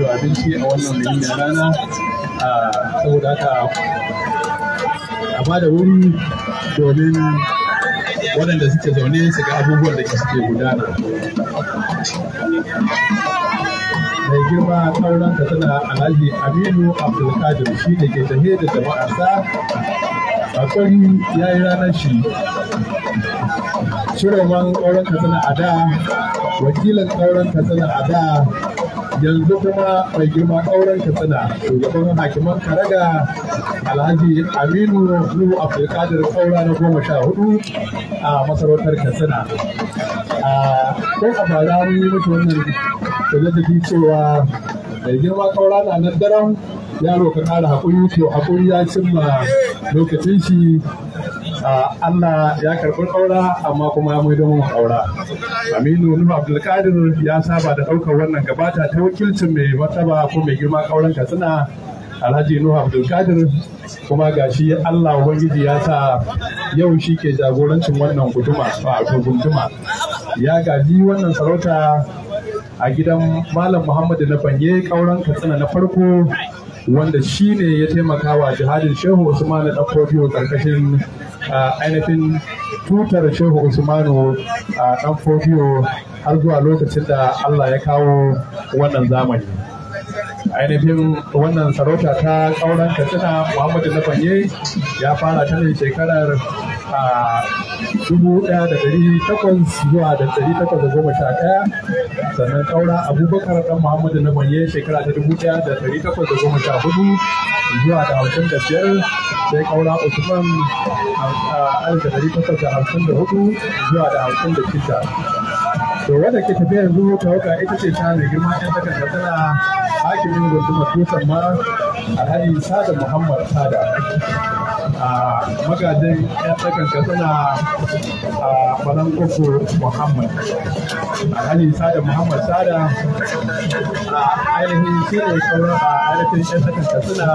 da abinci a wannan muhimmin rana a ah, saboda haka a ba da wuri domin waɗanda suke zaune su ga abubuwan da suke gudana mai girma ƙauran ka tana alhaji aminu abdulkadir shi ne ke tafiye da jama'arsa kwari ya yi ranar shi shirin ƙauran ka tana a da wakilan ƙauran ka tana a da yanzu kuma mai girma auren katsina shugaban hakiman karaga alhaji aminu nuhu abdulkadir kaura na goma sha hudu a masarautar katsina a ko a bara mun yi mutu wannan fi cewa mai girma kaura na nan daren yaro ka ƙara haƙuri to haƙuri ya cimma lokacin shi Allah ya karɓi ƙaura amma kuma ya maido mun ƙaura. Aminu Nuhu Abdulkadir ya saba da ɗaukar wannan gabata ta wakilcin mai martaba ko mai girma ƙauren Katsina Alhaji Nuhu Abdulkadir kuma ga shi Allah Ubangiji ya sa yau shi ke jagorancin wannan guduma a guduma. Ya gaji wannan sarauta a gidan Malam Muhammadu na Fange ƙauren Katsina na farko wanda shi ne ya taimaka wa jihadin Shehu Usman da ɗan ƙarƙashin ainihin tutar shehu usmanu a ɗan har zuwa lokacin da allah ya kawo wannan zamani ainihin wannan sarauta ta ƙauren katsina muhammadu na fanye ya fara ta ne shekarar a dubu ɗaya da ɗari takwas zuwa da ɗari takwas da goma sha ɗaya sannan ƙaura abubakar ɗan muhammadu na fanye shekara ta dubu ɗaya da ɗari takwas da goma sha hudu zuwa da hamsin da biyar sai ƙaura usman a alif da ɗari takwas da hamsin da hudu zuwa da hamsin da shida to wadda ke tafiya yanzu tawaga ita ce ta mai girma ɗan daga tana hakimin gundumar tutar ma a alhaji sada muhammad sada a magajin ɗan daga tana a falon koko muhammad alhaji sada muhammad sada a ainihin shi ne sauran a ainihin ɗan daga tana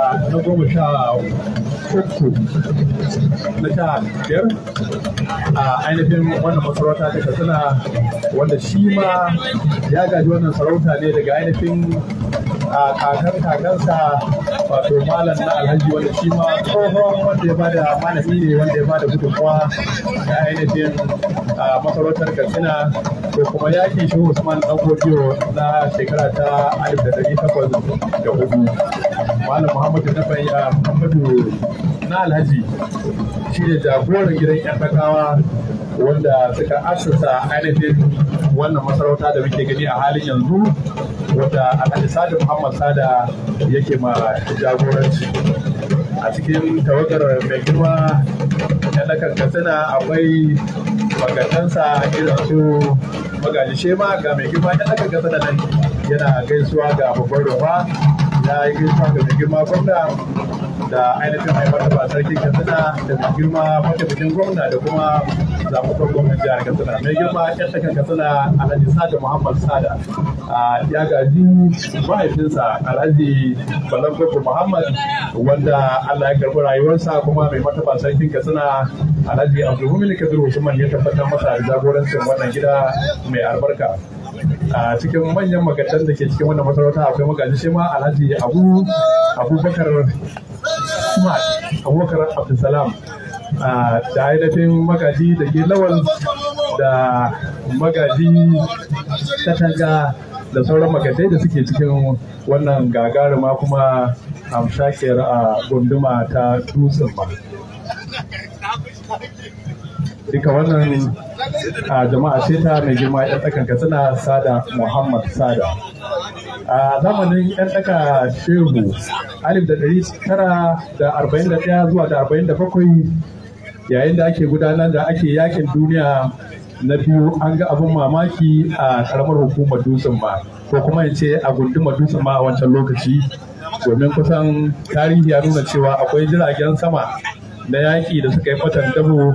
a na goma sha uku na sha biyar a ainihin wannan masarauta ta katsina wanda shi ma ya gaji wannan sarauta ne daga ainihin a kakarsa kakansa wato malam na alhaji wanda shi ma tsohon wanda ya bada malami ne wanda ya bada gudunmawa na ainihin masarautar katsina ko kuma yakin shi usman dan godiyo na shekara ta alif da dari takwas da hudu malam muhammadu na muhammadu na alhaji shi ne jagoran gidan yan takawa wanda suka asusa ainihin wannan masarauta da muke gani a halin yanzu wanda alhaji sadi muhammad sada yake ma jagoranci a cikin tawagar mai girma ya nakan katsina akwai magatansa irin su magaji shema ga mai girma ya nakan katsina nan yana gaisuwa ga babban ruwa ya yi gaisuwa ga mai girma gwamna da ainihin mai ba sarkin katsina da mai girma mataimakin gwamna da kuma zaɓaɓɓen gwamnan jihar katsina mai girma yan shakan katsina alhaji sada muhammad sada ya gaji mahaifinsa alhaji balan muhammad wanda allah ya karɓi rayuwarsa kuma mai mataba sarkin katsina alhaji abdulmumin kabir usman ya tabbatar masa jagorancin wannan gida mai albarka a cikin manyan magatan da ke cikin wannan masarauta akwai magaji shi ma alhaji abu abubakar kuma abubakar abdulsalam da ainihin magaji da ke lawal da magaji katanga da sauran magadai da suke cikin wannan gagaruma kuma amshakiyar a gunduma ta dutsen ba duka wannan a jama'a ce ta mai girma 'yan tsakan katsina sada muhammad sada a zamanin 'yan tsaka shehu alif da ɗari tara da arba'in da ɗaya zuwa da arba'in da bakwai yayin da ake gudanar da ake yakin duniya na biyu an ga abin mamaki a karamar hukumar dutsen ma ko kuma in ce a gundumar dutsen ma a wancan lokaci domin kusan tarihi ya nuna cewa akwai jiragen sama na yaƙi da suka yi fatan dabo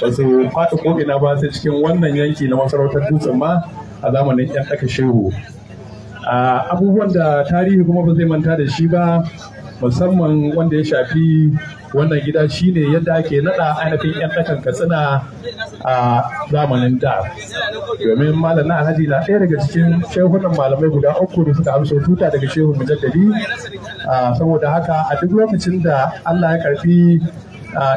ba su faɗi ko'ina ba sai cikin wannan yanki na masarautar dutsen ma a zamanin yan ɗaka shehu abubuwan da tarihi kuma ba zai manta da shi ba musamman wanda ya shafi wannan gida shine yadda ake nada ainihin yan ɗakan katsina a zamanin da domin malamin alhaji na ɗaya daga cikin shehunan malamai guda uku da suka amso tuta daga shehun mujaddadi saboda haka a duk lokacin da allah ya karfi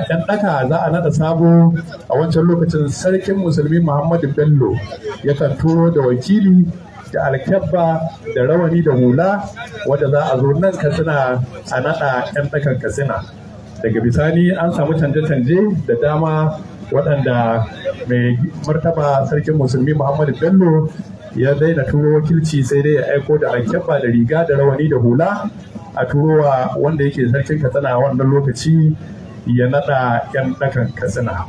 yan ɗaka za a naɗa sabo a wancan lokacin sarkin musulmi muhammadu bello ya turo da wakili da alkyabba da rawani da hula wadda za a zo nan katsina a naɗa 'yan ɗakan katsina daga bisani an samu canje-canje da dama waɗanda mai martaba sarkin musulmi muhammadu bello ya daina turo wakilci sai dai ya aiko da alkyabba da riga da rawani da hula a turowa wanda yake sarkin katsina wannan lokaci ya naɗa 'yan ɗakan katsina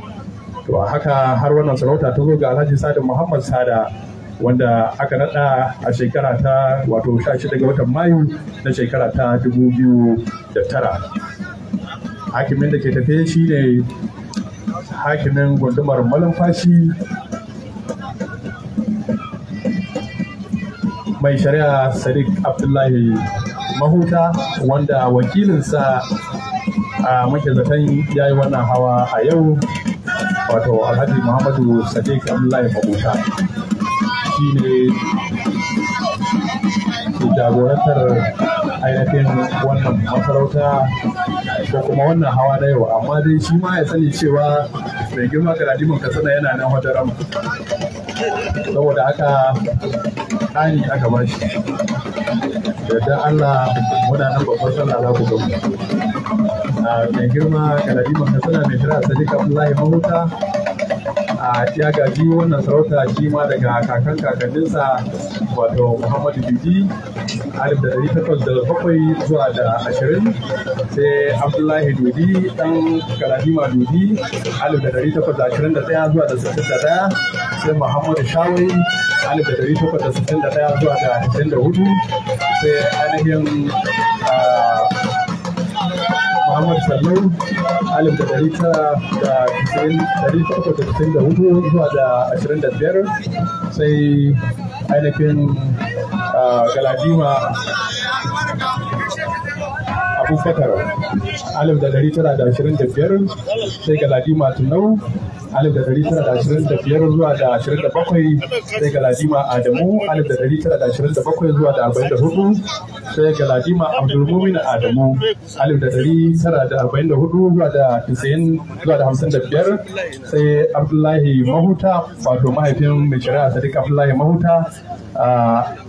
to haka har wannan sarauta ta zo ga alhaji sadi muhammad sada wanda aka nada a shekara ta wato 16 daga watan mayu na shekara ta 2009 hakimin da ke tafe shi ne hakimin gundumar malumfashi mai shari'a sadiq abdullahi mahuta wanda wakilinsa a muke zaton ya yi wannan hawa a yau wato alhaji muhammadu sadiq abdullahi mahuta shi ne ke jagorantar ainihin wannan masarauta ko kuma wannan hawa na yau amma dai shi ma ya sani cewa mai girma galadimin katsina yana nan wajen saboda haka ɗani aka ba shi yadda allah muna nan babbar sallah za ku gamu ah, mai girma galadimin katsina mai jira sadiq abdullahi mahuta a ya gaji wannan sarauta shi ma daga kakan kakanninsa wato muhammadu biki alif da dari takwas da bakwai zuwa da ashirin sai abdullahi dodi ɗan galadima dodi alif da dari takwas da ashirin da ɗaya zuwa da sittin da ɗaya sai muhammadu shawai alif da dari takwas da sittin da ɗaya zuwa da sittin da hudu sai ainihin ah, Ahmad Sallau alif da dari tara da tisin dari uku da tisin da hudu zuwa da ashirin da biyar sai ainihin ah, galadima abubakar alif da dari tara da ashirin da biyar sai ga ladima tunau alif da dari tara da ashirin da biyar zuwa da ashirin da bakwai sai ga ladima adamu alif da dari tara da ashirin da bakwai zuwa da arba'in da hudu sai ga ladima abdulmumin adamu alif da dari tara da arba'in da hudu zuwa da tisa'in zuwa da hamsin da biyar sai abdullahi mahuta wato mahaifin mai shari'a sadiq abdullahi mahuta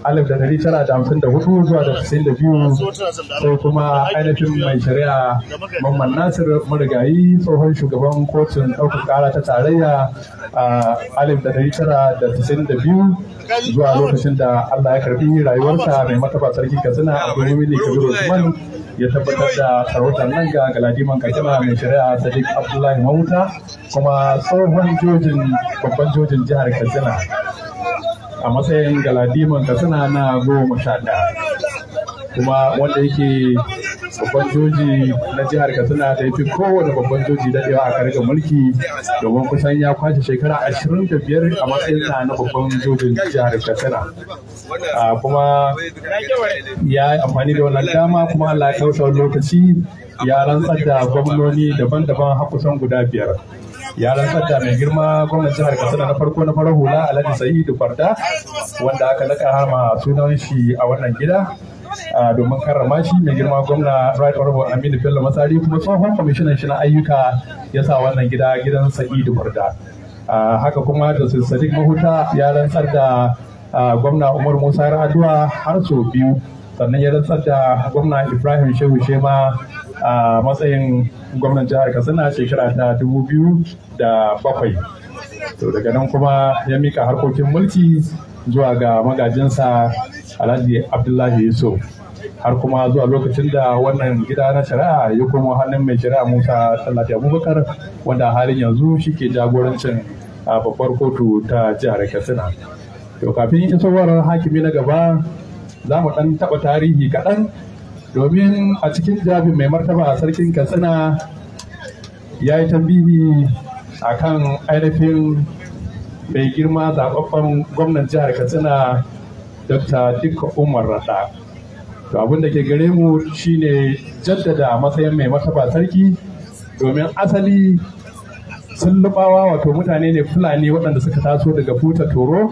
alif da dari tara da hamsin da hudu zuwa da tisa'in da biyu sai kuma ainihin mai shari'a Muhammad Nasir Marigayi tsohon shugaban kotun ɗaukar ƙara ta tarayya a alif da dari tara da tisin da biyu zuwa lokacin da Allah ya karbi rayuwarsa mai matafa sarki kazina a Gwamnati Kabiru Usman ya tabbatar da sarautar nan ga Galadiman kajima mai shari'a Sadiq Abdullahi Mahuta kuma tsohon jojin babban jojin jihar Katsina a matsayin Galadiman Katsina na goma sha kuma wanda yake babban joji na jihar katsina ta yi fi kowane babban joji daɗewa a karkar mulki domin kusan ya kwashe shekara ashirin da biyar a matsayinsa na babban jojin jihar katsina kuma ya yi amfani da wannan dama kuma allah ya kawo lokaci ya rantsar da gwamnoni daban-daban har kusan guda biyar ya rantsar da mai girma gwamnan jihar katsina na farko na farar hula alhaji sa'idu farda wanda aka naka hama sunan shi a wannan gida domin karrama shi mai girma gwamna right honorable aminu bello masari kuma tsohon kwamishinan shi na ayyuka ya sa wannan gida gidan sa'idu burda haka kuma da sadiq mahuta ya rantsar da gwamna umar musa raduwa har sau biyu sannan ya rantsar da gwamna ibrahim shehu shema a matsayin gwamnan jihar katsina shekara ta dubu biyu da bakwai to daga nan kuma ya mika harkokin mulki zuwa ga magajinsa alhaji abdullahi yusuf har kuma zuwa lokacin da wannan gida na shari'a ya komo hannun mai shari'a musa sallati abubakar wanda halin yanzu shi ke jagorancin babbar kotu ta jihar katsina to kafin isowar hakimi na gaba za mu ɗan taɓa tarihi kaɗan domin a cikin jafin mai martaba a sarkin katsina ya yi tambihi a kan ainihin mai girma zaɓaɓɓen gwamnan jihar katsina Dr. Dika Umar Rada. To abin da ke gare mu shine jaddada matsayin mai martaba sarki domin asali sun lubawa wato mutane ne Fulani waɗanda suka taso daga Futa Toro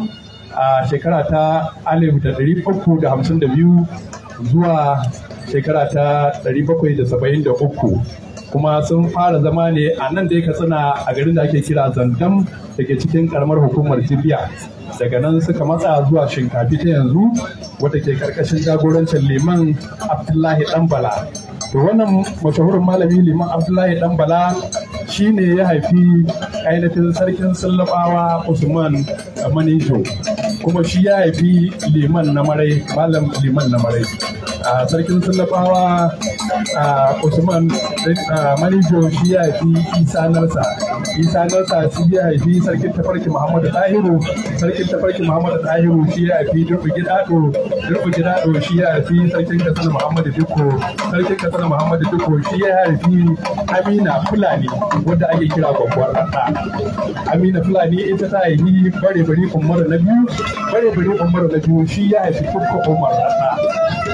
a shekara ta 1352 zuwa shekara ta 1773 kuma sun fara zama ne a nan da ya katsina a garin da ake kira zandam da ke cikin karamar hukumar jibiya daga nan suka matsa zuwa shinkafi ta yanzu wata ke karkashin jagorancin liman abdullahi ɗanbala to wannan mashahurin malami liman abdullahi ɗanbala shi ne ya haifi ainihin sarkin Sallabawa usman manijo kuma shi ya haifi liman na marai malam liman na marai sarkin Sallabawa. usman manijo shi ya fi isa narsa isa narsa shi ya fi sarkin tafarki muhammadu tahiru sarkin tafarki muhammadu tahiru shi ya fi durbu gidado durbu gidado shi ya fi sarkin kasar muhammadu dukko sarkin kasar muhammadu dukko shi ya fi amina fulani wanda ake kira gwagwar rata amina fulani ita ta yi bare bare umaru na biyu bare bare umaru na biyu shi ya fi kurkuku Umar, rata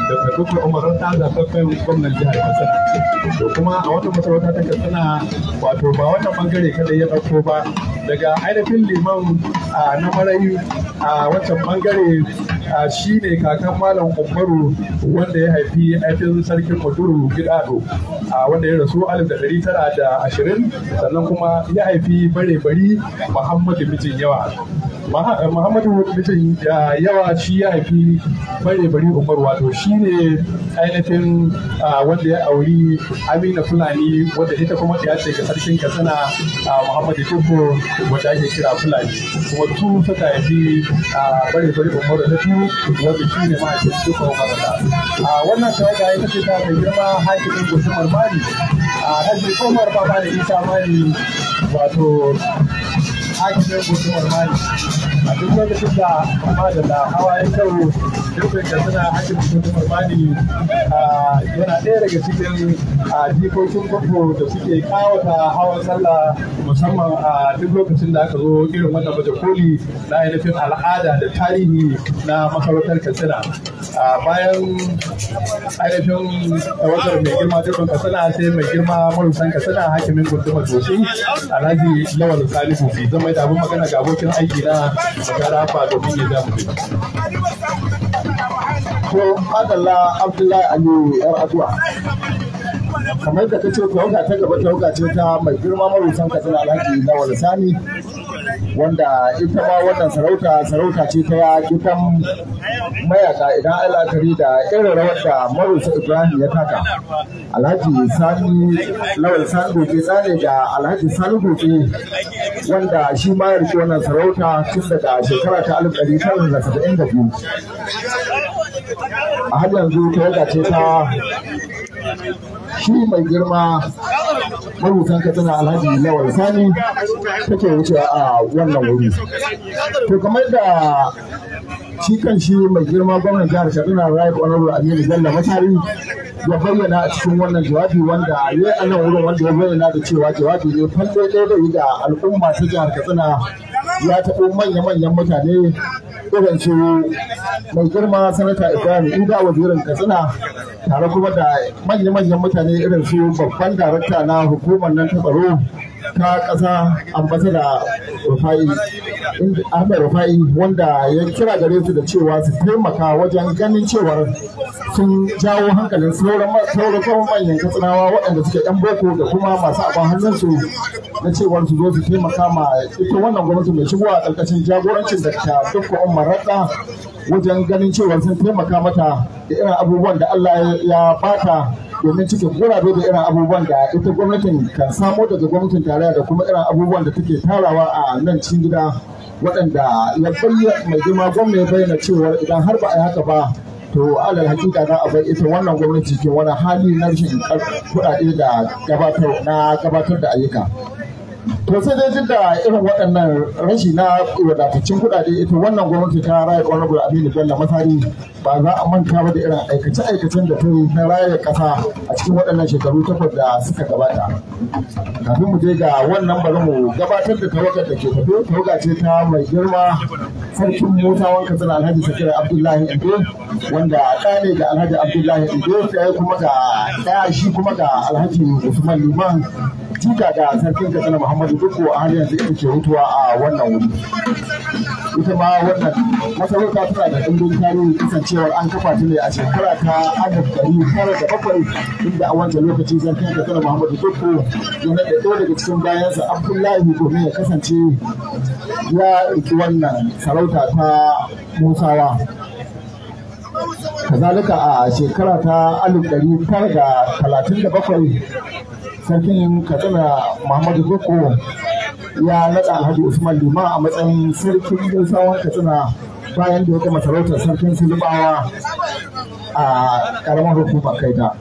da kurkuku umar rata zafafen gwamnan jihar jihar to kuma a wata masarauta ta katsina wato ba wannan bangare kadai ya ɗauko ba daga ainihin liman na marayu a wancan bangare a shi ne kakan malam umaru wanda ya haifi aifin sarkin maduru gidado a wanda ya rasu alif da dari tara da ashirin sannan kuma ya haifi bare bari muhammadu mijin yawa muhammadu mijin yawa shi ya haifi bare bari umaru wato shi ne ainihin wanda ya auri amina fulani wadda ita kuma ya ce ga sarkin katsina muhammadu tubbo wadda ake kira fulani kuma tu suka haifi bare bari umaru na tu yau da shi ne mahaifin suka umarta a wannan tawaga ita ce ta mai girma hakimin gusumar mali a hajji umar baba da isa mali wato hakimin gusumar mali a duk lokacin da kama da hawa ya kawo dukkan da suna hakimin gusumar mali yana ɗaya daga cikin jikokin kwakwo da suke kawata hawan sallah musamman a duk lokacin da aka zo irin wannan baje koli na ainihin al'ada da tarihi na masarautar katsina bayan ainihin tawagar mai girma dukkan katsina sai mai girma marusan katsina hakimin gusumar dosi alhaji lawal salihu fi zama kawai da abin magana ga abokin aiki na gara fa domin ya zamu bi Ko madalla abdullahi aliyu yar aduwa kamar da ta ce tauka ta gaba ta ce ta mai girma marusan katsina alhaji na wani sani wanda ita ma wannan sarauta sarauta ce ta gidan mayaka idan Allah kari da irin rawar da Marusa Ibrahim ya taka Alhaji Sani Lawal Sani Goke tsare da Alhaji Sani Goke wanda shi ma ya rike wannan sarauta tun daga shekara ta alif ɗari tara da saba'in da biyu a har yanzu ta ce ta shi mai girma marutan katsina alhaji lawal sani take wuce a wannan wuri to kamar da shi kan shi mai girma gwamnan jihar katsina rayu honorable aminu bello matari ya bayyana a cikin wannan jawabi wanda ya yi a wurin wanda ya bayyana da cewa jawabi ne falle ɗaya da al'umma ta jihar katsina ya taɓo manya-manyan mutane irin su mai girma sanata ibrahim inda wazirin katsina tare kuma da manya-manyan mutane irin su babban darakta na hukumar nan ta tsaro ta ƙasa da rufai ahmed rufai wanda ya kira gare su da cewa su taimaka wajen ganin cewar sun jawo hankalin sauran manyan katsinawa waɗanda suke yan boko da kuma masu abin hannunsu na cewar su zo su taimaka ma ita wannan gwamnati mai shigowa a ƙarƙashin jagorancin da ta dukkan umar wajen ganin cewar sun taimaka mata da irin abubuwan da allah ya bata domin cike gurabe da irin abubuwan da ita gwamnatin kan samo daga gwamnatin tarayya da kuma irin abubuwan da take tarawa a nan cikin gida waɗanda ya bayyana mai girma gwamna ya bayyana cewa idan har ba a yi haka ba to alal hakika za a bar ita wannan gwamnati ke wani hali na rashin kuɗaɗe da na gabatar da ayyuka to sai dai duk da irin waɗannan rashi na wadataccen kuɗaɗe ita wannan gwamnati ta raya abin da bello masari ba za a manta ba da irin aikace-aikacen da ta yi na raya ƙasa a cikin waɗannan shekaru takwas da suka gabata kafin mu je ga wannan bari mu gabatar da tawagar da ke tafe tawaga ce ta mai girma sarkin wanka katsina alhaji sakira abdullahi ido wanda ɗa ne ga alhaji abdullahi indo yi kuma ga ɗaya shi kuma ga alhaji usman liman jika da sarkin katsina muhammadu dukko a har yanzu ita ke hutuwa a wannan wuri ita ma wannan masarauta tana da ɗimbin tarihi kasancewar an kafa ta ne a shekara ta alif ɗari tara da bakwai inda a wancan lokaci sarkin katsina muhammadu dukko ya naɗa ɗaya daga cikin bayansa abdullahi domin ya kasance ya riki wannan sarauta ta musawa kazalika a shekara ta alif ɗari tara da talatin da bakwai sarkin katsina muhammadu koko ya naɗa alhaji usman lima a matsayin sarkin gaisawan katsina bayan da ya gama sarautar sarkin sulubawa a ƙaramar hukumar kaita.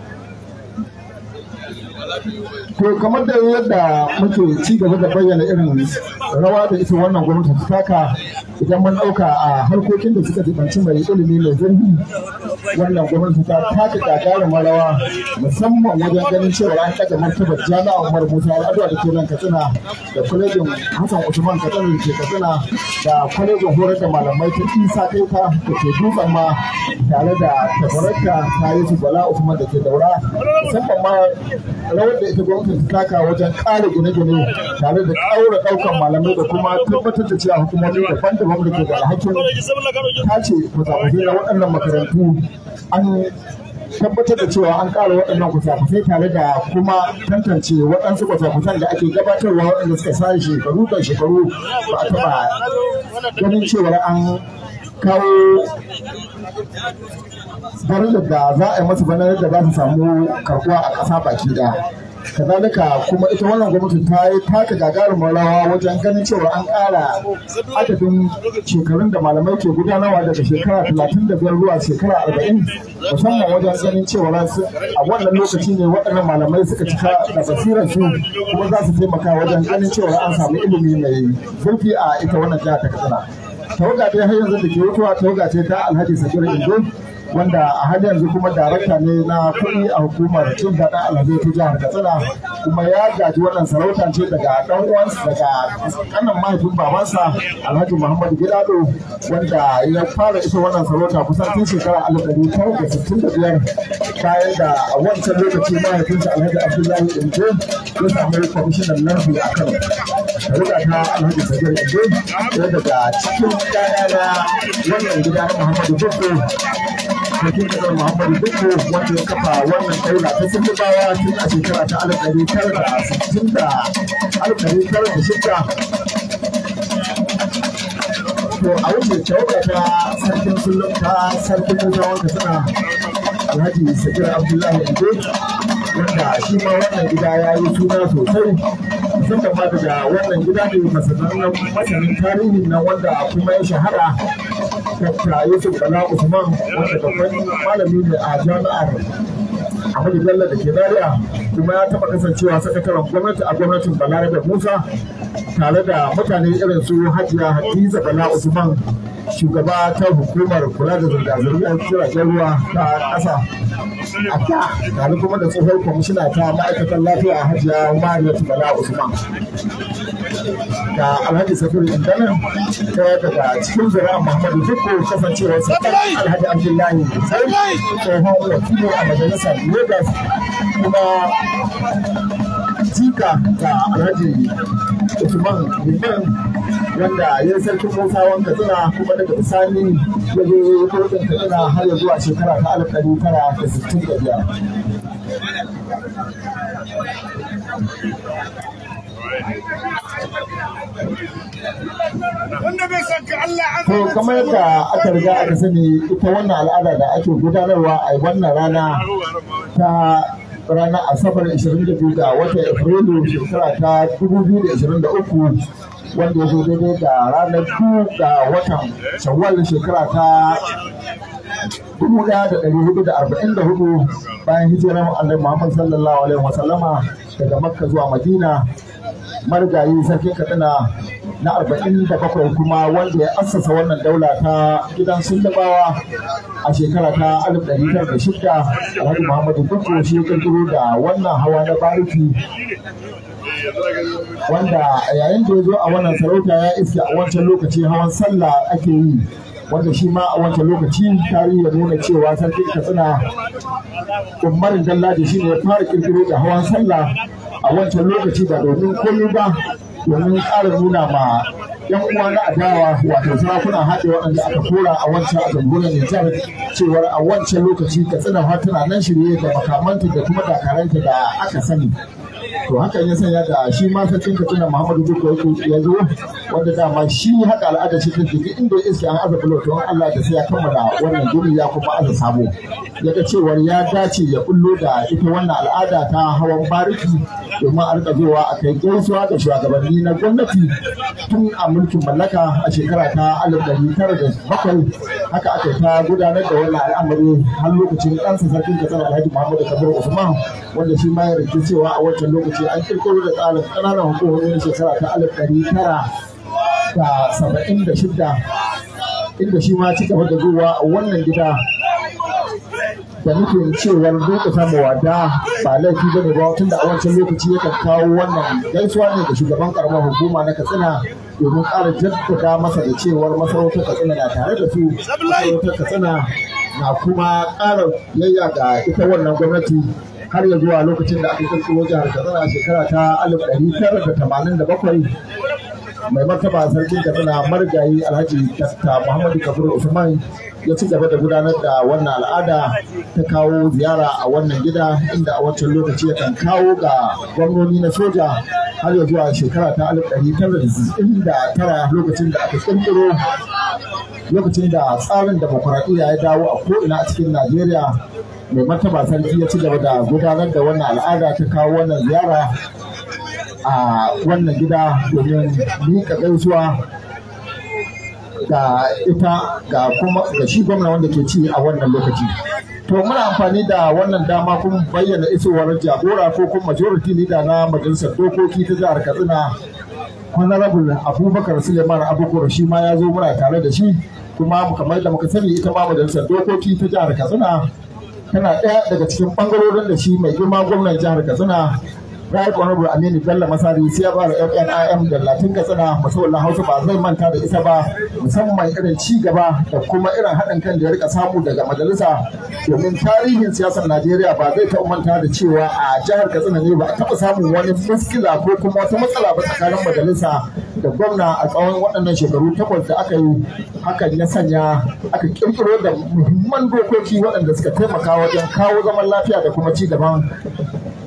To kamar da yadda muke ci gaba da bayyana irin rawa da ita wannan gwamnati ta taka idan mun ɗauka a harkokin da suka dibanci mai ilimi mai zurfi wannan gwamnati ta taka gagarumar rawa musamman wajen ganin cewa an ɗaga martabar jami'a Umar Musa Al'adu da ke Katsina da kwalejin Hassan Usman Katsina ke Katsina da kwalejin horar da malamai ta Isa Kaita da ke dutsen ma tare da tabarata ta yi su Bala Usman da ke daura musamman ma tare da ita gwamnati ta taka wajen ƙara gine-gine tare da ƙaura ɗaukan malamai da kuma tabbatar da cewa hukumomi da daban da ke da alhakin tace ce kusai na waɗannan makarantu an tabbatar da cewa an ƙara waɗannan kusa-kusai tare da kuma tantance waɗansu kusa-kusan da ake gabatarwa waɗanda suka sa shekaru da shekaru ba a taɓa ganin cewar an kawo Garin da za a yi masa bana da za su samu karkuwa a ƙasa baki ɗaya kazalika kuma ita wannan gwamnati ta yi taka gagarumin rawa wajen ganin cewa an ƙara adadin shekarun da malamai ke gudanarwa daga shekara talatin da biyar zuwa shekara arba'in musamman wajen ganin cewa a wannan lokaci ne waɗannan malamai suka cika da basirar su kuma za su taimaka wajen ganin cewa an samu ilimi mai zurfi a ita wannan jihar ta katsina tawaga dai har yanzu da ke wutuwa tawaga ce ta alhaji sakiru indo wanda a har yanzu kuma darakta ne na kuɗi a hukumar cin gaɗa alhaji ta jihar katsina kuma ya gaji wannan sarauta ce daga ɗan uwansa daga kanan mahaifin babansa alhaji muhammadu gidado wanda ya fara isa wannan sarauta kusan tun shekara alif ɗari tara da sittin da biyar bayan da a wancan lokaci mahaifinsa alhaji abdullahi Ɗanke, ya samu kwamishinan lardi a kano sarauta ta alhaji sagir Ɗanke, ɗaya daga cikin ɗaya da wannan gida na muhammadu bukko mutum muhammadu dukku wanda ya kafa wannan daula ta sundubawa tun a shekara ta alif tara da sittin da alif tara da shida to a wuce tawaga ta sarkin sullum ta sarkin musa wanda suna alhaji sakir abdullahi ɗaje wanda shi ma wannan gida ya yi suna sosai musamman ma daga wannan gida ne masanin tarihi na wanda kuma ya shahara Dr. Yusuf Bala Usman wanda babban malami ne a jami'ar Ahmadu Bello da ke Zaria kuma ya taɓa kasancewa sakataren gwamnati a gwamnatin Balarabe Musa tare da mutane irin su Hajiya Hadiza Bala Usman shugaba ta hukumar kula da zirga-zirgar jiragen ruwa ta ƙasa a ta tare kuma da tsohon kwamishina ta ma'aikatan lafiya a hajiya mariya bala usman da alhaji safiru indanin ta daga cikin zira muhammadu dukku kasancewar sakar alhaji abdullahi sai tsohon wakilu a majalisar lagos kuma hakika ta alhaji usman liman wanda ya sarkin musa wanka tsina kuma daga bisani ya zo kotun katsina har ya zuwa shekara ta alif ɗari tara da sittin da biyar To kamar yadda aka riga aka sani ita wannan al'ada da ake gudanarwa a wannan rana ta ranar asabar 22 ga watan afrilu shekara ta 2023 wanda ya zo daidai da ranar 2 ga watan shawwal shekara ta 1444 bayan hijirar annabi Muhammad sallallahu alaihi wasallama daga Makka zuwa Madina marigayi sarkin katsina na arba'in da bakwai kuma wanda ya assasa wannan daula ta gidan sundabawa a shekara ta alif ɗari tara da shida alhaji muhammadu dukko shi ya kirkiro da wannan hawa na bariki wanda yayin da ya zo a wannan sarauta ya iske a wancan lokaci hawan sallah ake yi wanda shi ma a wancan lokaci tarihi ya nuna cewa sarkin katsina umarin da shi ne ya fara ƙirƙiro da hawan sallah a wancan lokaci da domin komi ba domin ƙara nuna ma yan uwa na adawa wato sarakunan haɗe waɗanda aka kora a wancan a jamhuriyar Nijar cewar a wancan lokaci Katsina har tana nan shirye da makamanta da kuma dakaranta da aka sani. To hakan ya sanya da shi ma sarkin Katsina Muhammadu Dukku ya zo wanda dama shi haka al'ada ce ta duk inda iska an aza bulotuwan Allah da sai ya kammala wannan guri ya kuma aza sabo. Ya ga cewar ya dace ya bullo da ita wannan al'ada ta hawan bariki domin a rika zuwa a kai gaisuwa da shugabanni na gwamnati tun a mulkin mallaka a shekara ta alif dari tara da bakwai haka aka ta gudanar da wannan al'amari har lokacin ɗansa sarkin kasar alhaji muhammadu kabiru usman wanda shi ma ya rike cewa a wancan lokaci an kirkiro da tsarin ƙananan hukumomin shekara ta alif dari tara da saba'in da shida inda shi ma cika gaba da zuwa wannan gida da nufin cewar samu mawada ba laifi ba ne ba tun da a wancan lokaci yakan kawo wannan gaisuwa ne da shugaban karamar hukuma na katsina domin ƙara jaddada masa da cewar masarautar katsina na tare da su masarautar katsina na kuma ƙara yayya ga ita wannan gwamnati har ya zuwa lokacin da aka kirkiro jihar katsina a shekara ta alif ɗari tara da tamanin da bakwai mai martaba sarkin katsina marigayi alhaji dakta muhammadu kabiru usman ya ci gaba da gudanar da wannan al'ada ta kawo ziyara a wannan gida inda a wancan lokaci ya kan kawo ga gwamnoni na soja har ya zuwa shekara ta alif ɗari tara da tara lokacin da aka ƙirƙiro lokacin da tsarin demokuraɗiyya ya dawo a ko'ina a cikin najeriya mai martaba sarki ya ci gaba da gudanar da wannan al'ada ta kawo wannan ziyara a wannan gida domin miƙa gaisuwa ga ita ga kuma ga shi gwamna wanda ke ci a wannan lokaci to muna amfani da wannan dama kun bayyana isowar jagora ko kuma majority leader na majalisar dokoki ta jihar katsina honorable abubakar suleiman abubakar shi ma ya zo muna tare da shi kuma kamar da muka sani ita ma majalisar dokoki ta jihar katsina tana ɗaya daga cikin ɓangarorin da shi mai girma gwamnan jihar katsina Right Honorable Aminu Bello Masari ya siyarwar FNIM da Latin Katsina musamman Hausa ba zai manta da isa ba musamman irin ci gaba da kuma irin haɗin kan da ya rika samu daga majalisa domin tarihin siyasar Najeriya ba zai taɓa manta da cewa a jihar Katsina ne ba a taɓa samun wani muskila ko kuma wata matsala ba tsakanin majalisa da gwamna a tsawon waɗannan shekaru takwas da aka yi hakan ya sanya aka kirkiro da muhimman dokoki waɗanda suka taimaka wajen kawo zaman lafiya da kuma ci gaban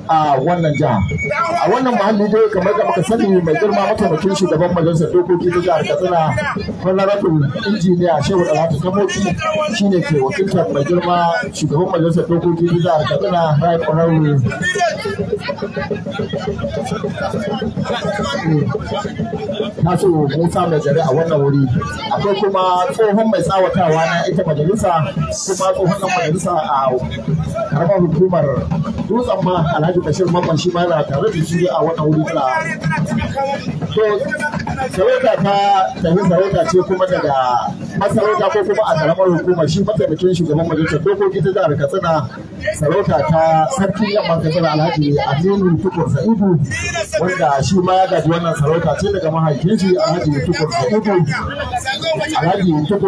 a wannan jiha a wannan muhalli dai kamar da muka sani mai girma mataimakin shugaban majalisar dokoki ta jihar katsina honorable injiniya shehu dalatu tamoki shine ke wakiltar mai girma shugaban majalisar dokoki ta jihar katsina right honorable taso musa mai jari a wannan wuri akwai kuma tsohon mai tsawatawa na ita majalisa kuma tsohon nan majalisa a karamar hukumar dutsen ma alhaji bashir mamman shi ma yana tare da shi a wannan wuri ta. to sarauta ta tafi sarauta ce kuma daga masarauta ko kuma a karamar hukumar shi mataimakin shugaban majalisar dokoki ta jihar katsina sarauta ta sarki, yamman katsina alhaji aminu tukur sa'idu wanda shi ma ya gaji wannan sarauta ce daga mahaifi miji alhaji tukur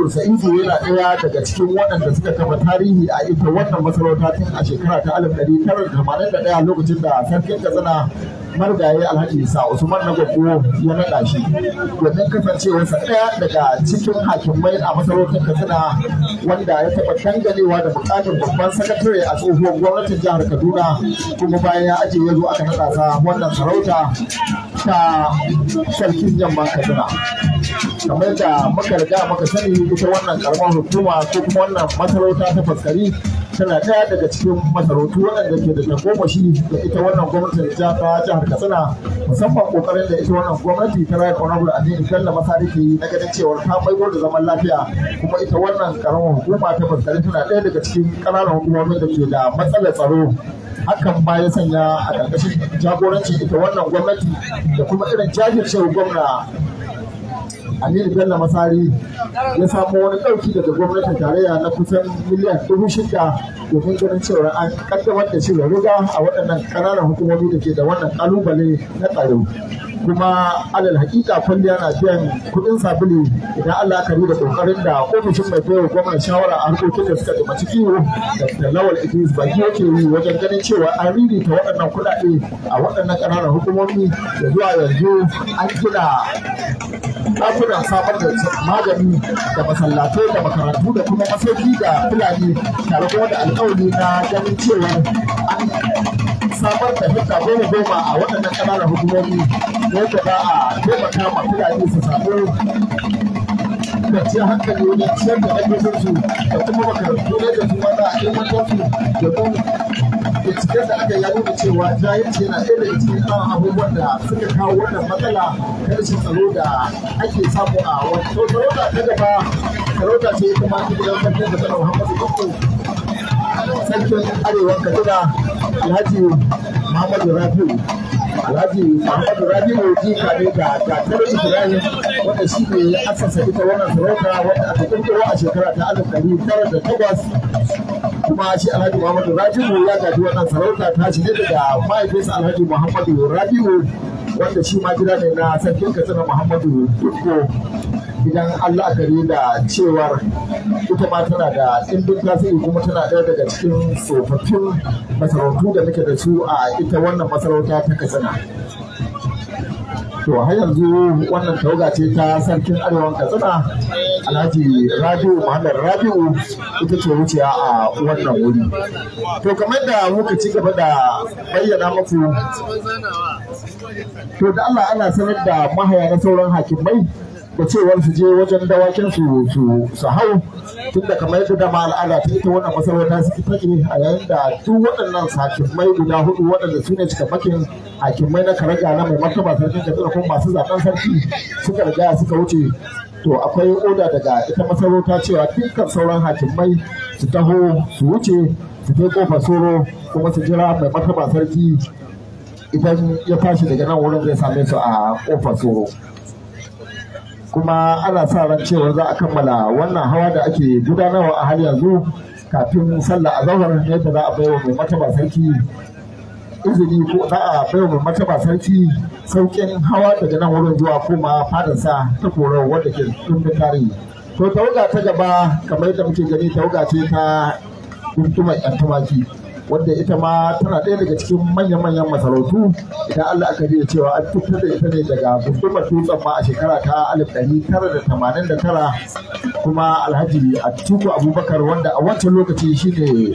sa'idu alhaji tukur yana ɗaya daga cikin waɗanda suka kafa tarihi a ita wannan masarauta tun a shekara ta alif ɗari tara da ɗaya lokacin da sarkin katsina margaye alhaji isa usman na gogo ya naɗa shi domin kasancewarsa ɗaya daga cikin hakimai a masarautar katsina wanda ya taɓa danganewa da buƙatar babban sakatare a tsohuwar gwamnatin jihar kaduna kuma bayan ya ajiye ya zo aka naɗa wannan sarauta ta sarkin yamman Katsina. kamar da muka riga muka sani ita wannan karamar hukuma ko kuma wannan masarauta ta faskari tana ɗaya daga cikin masarautu waɗanda ke da tagomashi da ita wannan gwamnati da ta jihar katsina musamman kokarin da ita wannan gwamnati ta raya honorable aminu da masari ke na ganin cewar ta maido da zaman lafiya kuma ita wannan karamar hukuma ta faskari tana ɗaya daga cikin ƙananan hukumomin da ke da matsalar tsaro hakan ba ya sanya a ƙarƙashin jagoranci ita wannan gwamnati da kuma irin jajircewar gwamna Aminu Bello Masari ya samu wani ɗauki daga gwamnatin tarayya na kusan miliyan dubu shida domin ganin cewa an kaddamar da shirin ruga a waɗannan ƙananan hukumomi da ke da wannan ƙalubale na tsaro. kuma alal hakika kwalliya na biyan kuɗin sabulu idan Allah ka da kokarin da ofishin mai bayar gwamnan shawara a harkokin da suka dama ciki da lawal Idris baki yake yi wajen ganin cewa an ririta waɗannan kuɗaɗe a waɗannan ƙananan hukumomi da zuwa yanzu an gina yankunan samar da magani da masallatai da makarantu da kuma masauki da fulani tare kuma da alkawari na ganin cewa an samar da hekta goma goma a waɗannan ƙananan hukumomi yadda za a taimaka ma fulani su samu samu ce hankali wajen ciyar da ayyukansu da kuma makarantu ne da kuma na ayyukan su da kuma binciken da aka yi da cewa jahilci yana ɗaya daga cikin abubuwan da suka kawo wannan matsala ta rashin tsaro da ake samu a wani sarauta ta gaba sarauta ce kuma ta gidan sarkin da tsaron hamadu bakko sarkin arewa kaduna alhaji muhammadu rafiu alhaji muhammadu rabi'u jika ne da gatar ibrahim wanda shi ne ya asasa ita wannan sarauta wanda aka kirkiro a shekara ta alif ɗari tara da takwas kuma shi alhaji muhammadu rabi'u ya gaji wannan sarauta ta shige ne daga mahaifinsa alhaji muhammadu rabi'u wanda shi ma gida ne na sarkin katsina muhammadu dukko gidan allah gari da cewar ita ma tana da tsindin tasiri kuma tana ɗaya daga cikin tsofaffin masarautu da muke da su a ita wannan masarauta ta katsina to har yanzu wannan tauga ce ta sarkin arewan katsina alhaji radio muhammad rabiu ita ce wuciya a wannan wuri to kamar da muka ci gaba da bayyana muku to da allah ana sanar da mahaya na sauran hakimai da cewar su je wajen dawakin su su su hau tun da kamar yadda dama al'ada ta ita wannan ta suke fage a yayin da duk waɗannan sakimai guda hudu waɗanda su ne cikamakin hakimai na karaga na mai martaba sarkin katsina kuma masu zaben sarki suka riga suka wuce to akwai oda daga ita masarauta cewa dukkan sauran hakimai su taho su wuce su kai kofar soro kuma su jira mai martaba sarki idan ya tashi daga nan wurin zai same su a kofar soro kuma ana sa ran cewa za a kammala wannan hawa da ake gudanarwa a har yanzu kafin sallah a ne yadda za a baiwa mai mataba sarki izini ko za a baiwa mai mataba sarki saukin hawa daga nan wurin zuwa kuma sa ta koro wanda ke dumbin tarihi to tawaga ta gaba kamar yadda muke gani tawaga ce ta guntumar yan tumaki Wanda ita ma tana ɗaya daga cikin manya-manyan masarautu ita Allah aka biya cewa an fitar da ita ne daga gundumar dutsen ma a shekara ta alif ɗari tara da da tamanin tara. kuma alhaji Atiku Abubakar wanda a wancan lokaci shine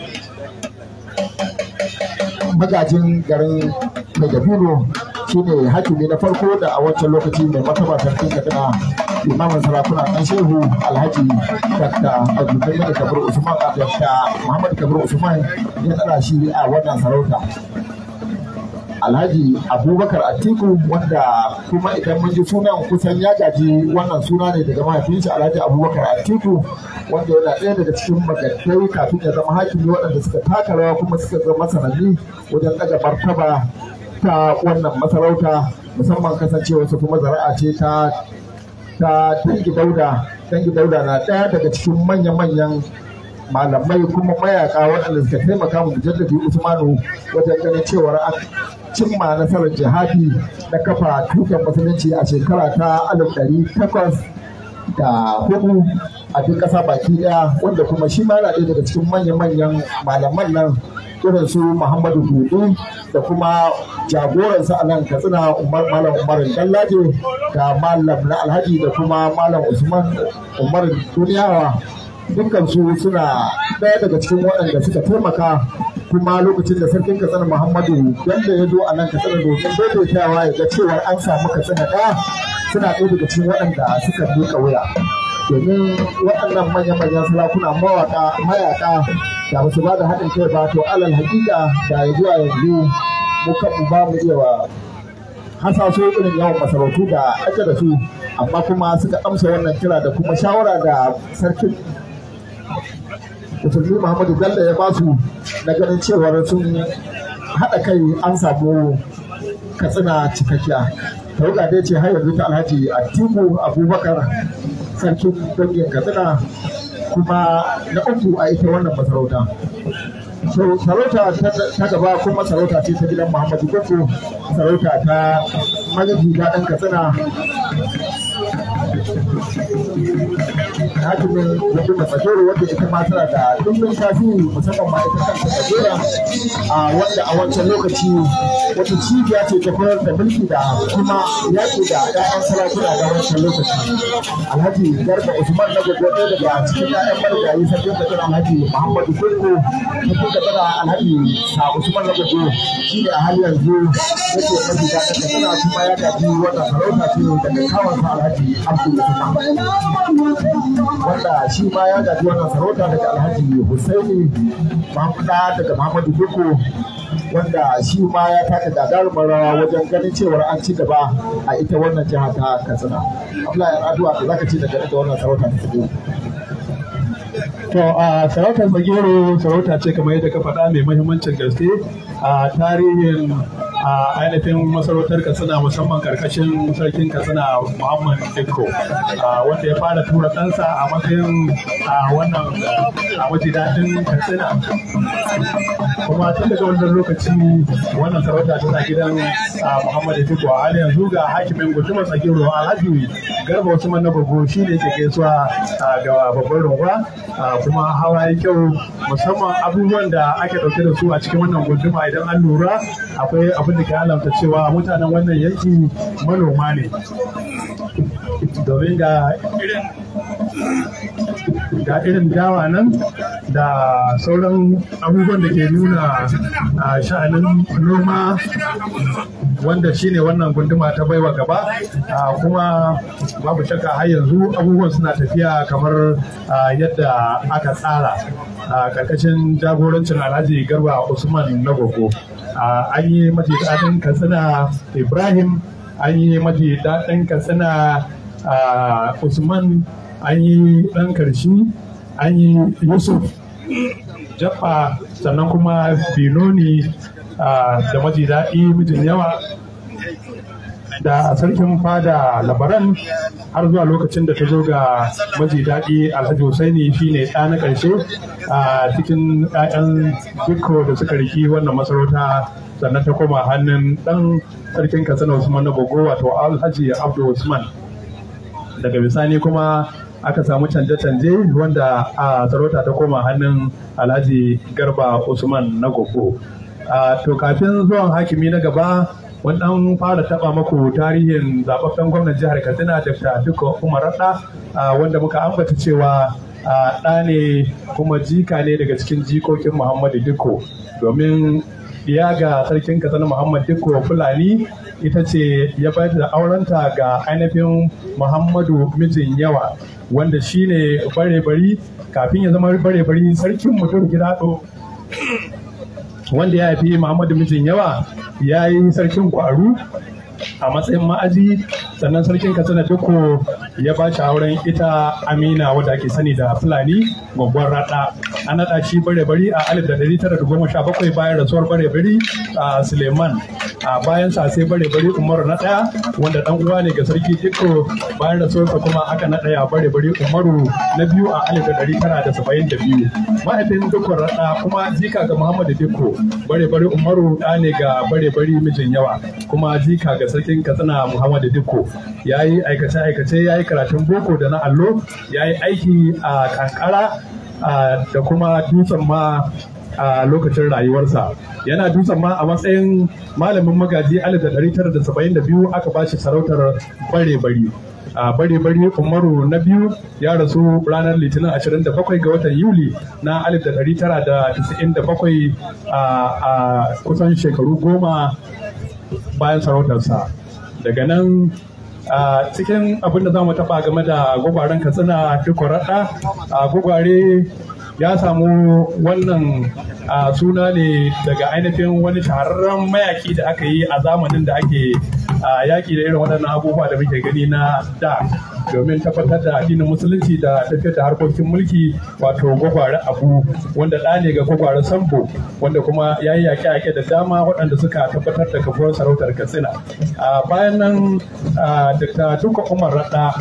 magajin garin Maiduguri shine hakimi na farko da a wancan lokaci mai matabatar sarkin Kaduna limamin sarakuna ɗan shehu alhaji dakta da kabir usman dakta muhammad kabir usman ya tsara shi a wannan sarauta alhaji abubakar atiku wanda kuma idan mun ji sunan kusan ya gaji wannan suna ne daga mahaifinsa alhaji abubakar atiku wanda yana ɗaya daga cikin magattai kafin ya zama hakimi waɗanda suka taka rawa kuma suka zama sananni wajen ɗaga martaba ta wannan masarauta musamman kasancewa su kuma zara'a ce ta ta dangi dauda dangi dauda na ɗaya daga cikin manya-manyan malamai kuma mayaka waɗanda suka taimaka mu jaddafi usmanu wajen ganin cewar an cimma nasarar jihadi na kafa tukan musulunci a shekara ta alif ɗari takwas da hudu a duk ƙasa baki ɗaya wanda kuma shi ma yana ɗaya daga cikin manya-manyan malaman nan irin su muhammadu hudu da kuma jagoransa a nan katsina malam Umar dallaje da malam na alhaji da kuma malam usman Umar duniyawa su suna ɗaya daga cikin waɗanda suka taimaka kuma lokacin da sarkin katsina muhammadu yadda ya zo a nan katsina domin daidaitawa ya ga cewa an samu katsina ɗaya suna ɗaya daga cikin waɗanda suka duka wuya domin waɗannan manya-manyan sarakuna mawaƙa mayaƙa da ba ba da haɗin kai ba to alal hakika da ya zuwa yanzu muka ba mu iya wa hasaso irin yawan masarautu da ake da su amma kuma suka amsa wannan kira da kuma shawara da sarkin musulmi muhammadu bello ya basu na ganin cewar sun haɗa kai an samu katsina cikakkiya tauga dai ce har yanzu ta alhaji atiku abubakar sarkin dangin katsina kuma na uku a ita wannan masarauta so sarauta ta gaba kuma sarauta ce ta gidan muhammadu koko sarauta ta magaji ta ɗan katsina hakimin da tsakiyar wanda ita ma tana da dimbin tasiri musamman ma ita kanta tsakiyar a wanda a wancan lokaci wata cibiya ce ta koyar da mulki da kuma yaƙi da ƴaƴan sarakuna da wancan lokaci alhaji garba usman na gobe ɗaya daga cikin ƴaƴan marigayi sabbin da tana alhaji muhammadu kurko sabbin da tana alhaji sa usman na gobe shi ne a hali yanzu yake mafi da ta tana kuma ya gaji wannan sarauta ce daga kawansa alhaji abdul usman wanda shi ma ya gaji wannan sarauta daga alhaji Hussaini Mamuda daga Muhammadu Duku wanda shi ma ya taka gagarumar rawa wajen ganin cewar an ci gaba a ita wannan jiha ta Katsina. Abdullahi Addu'a da zaka ci daga ita wannan sarauta ta Sagero. To a sarautar Sagero sarauta ce kamar yadda ka faɗa mai muhimmancin gaske a tarihin a ainihin masarautar katsina musamman karkashin sarkin katsina muhammad dikko wanda ya fara tura ɗansa a matsayin wannan a maji daɗin katsina kuma tun daga wannan lokaci wannan sarauta tana gidan muhammad dikko a halin yanzu ga hakimin gudumar tsakiyar alhaji garba wasu manabago shi ne ke gaisuwa ga babban ruwa kuma hawa ya kyau musamman abubuwan da ake ɗauke da su a cikin wannan gunduma idan an lura akwai abin da ke alamta cewa mutanen wannan yanki manoma ne domin ga irin dawa nan da sauran abubuwan da ke nuna a sha'anin noma wanda shine wannan gunduma ta baiwa gaba kuma babu shakka har yanzu abubuwan suna tafiya kamar yadda aka tsara a ƙarƙashin jagorancin alhaji garba usman Nagogo. an yi mafi daɗin katsina ibrahim an yi mafi daɗin katsina usman an yi ɗan karshi an yi yusuf jaffa sannan kuma binoni da mafi daɗi mijin yawa da sarkin fada labaran har zuwa lokacin da ta zo ga maji daɗi alhaji husaini ne ɗa na ƙarshe a cikin ɗayan dukko da suka riki wannan masarauta sannan ta koma hannun ɗan sarkin katsina usman na gogo wato alhaji abdu usman daga bisani kuma aka samu canje-canje wanda a sarauta ta koma hannun alhaji garba usman na gogo to kafin zuwan hakimi na gaba wanda an fara taba maku tarihin zababben gwamnan jihar katsina dr duka umar rada wanda muka ambata cewa ɗa ne kuma jika ne daga cikin jikokin muhammadu duko domin ya ga sarkin katsina muhammad duko fulani ita ce ya bayar da aurenta ga ainihin muhammadu mijin yawa wanda shi ne bare-bari kafin ya zama bare-bari sarkin mutum gidado wanda ya fi muhammadu mijin yawa Yayin yi sarkin kwaru a matsayin ma'aji sannan sarkin katsina duku ya ba shi auren ita amina wadda ake sani da fulani gwaggwar rada an naɗa shi bare bari a 1917 bayan rasuwar bare bari a suleiman a bayan sa sai bare bari umaru na ɗaya wanda dan uwa ne ga sarki duku bayan rasuwar sa kuma aka naɗa ya bare bari umaru na biyu a 1972 mahaifin duku rada kuma jika ga muhammadu duku bare bari umaru ɗa ne ga bare bari mijin yawa kuma jika ga sarkin katsina muhammadu duku ya yi aikace-aikace ya yi karatun boko da na allo ya yi aiki a kankara da kuma dutsen ma a lokacin rayuwarsa yana dutsen ma a matsayin malamin magaji 1972 aka ba shi sarautar bare-bari a bare-bare umaru na biyu ya rasu ranar litinin 27 ga watan yuli na 1997 a kusan shekaru goma bayan sarautarsa daga nan a cikin abin da za mu taɓa game da gwagwaren katsina fikwararra a gwagware ya samu wannan suna ne daga ainihin wani shahararren mayaki da aka yi a zamanin da ake yaki da irin waɗannan abubuwa da muke gani na da domin tabbatar da addinin musulunci da tafiyar da harkokin mulki wato gwagware abu wanda ɗa ne ga gwagware sambo wanda kuma ya yi yaƙe-yaƙe da dama waɗanda suka tabbatar da kafuwar sarautar katsina bayan nan Dr. duka umar raɗa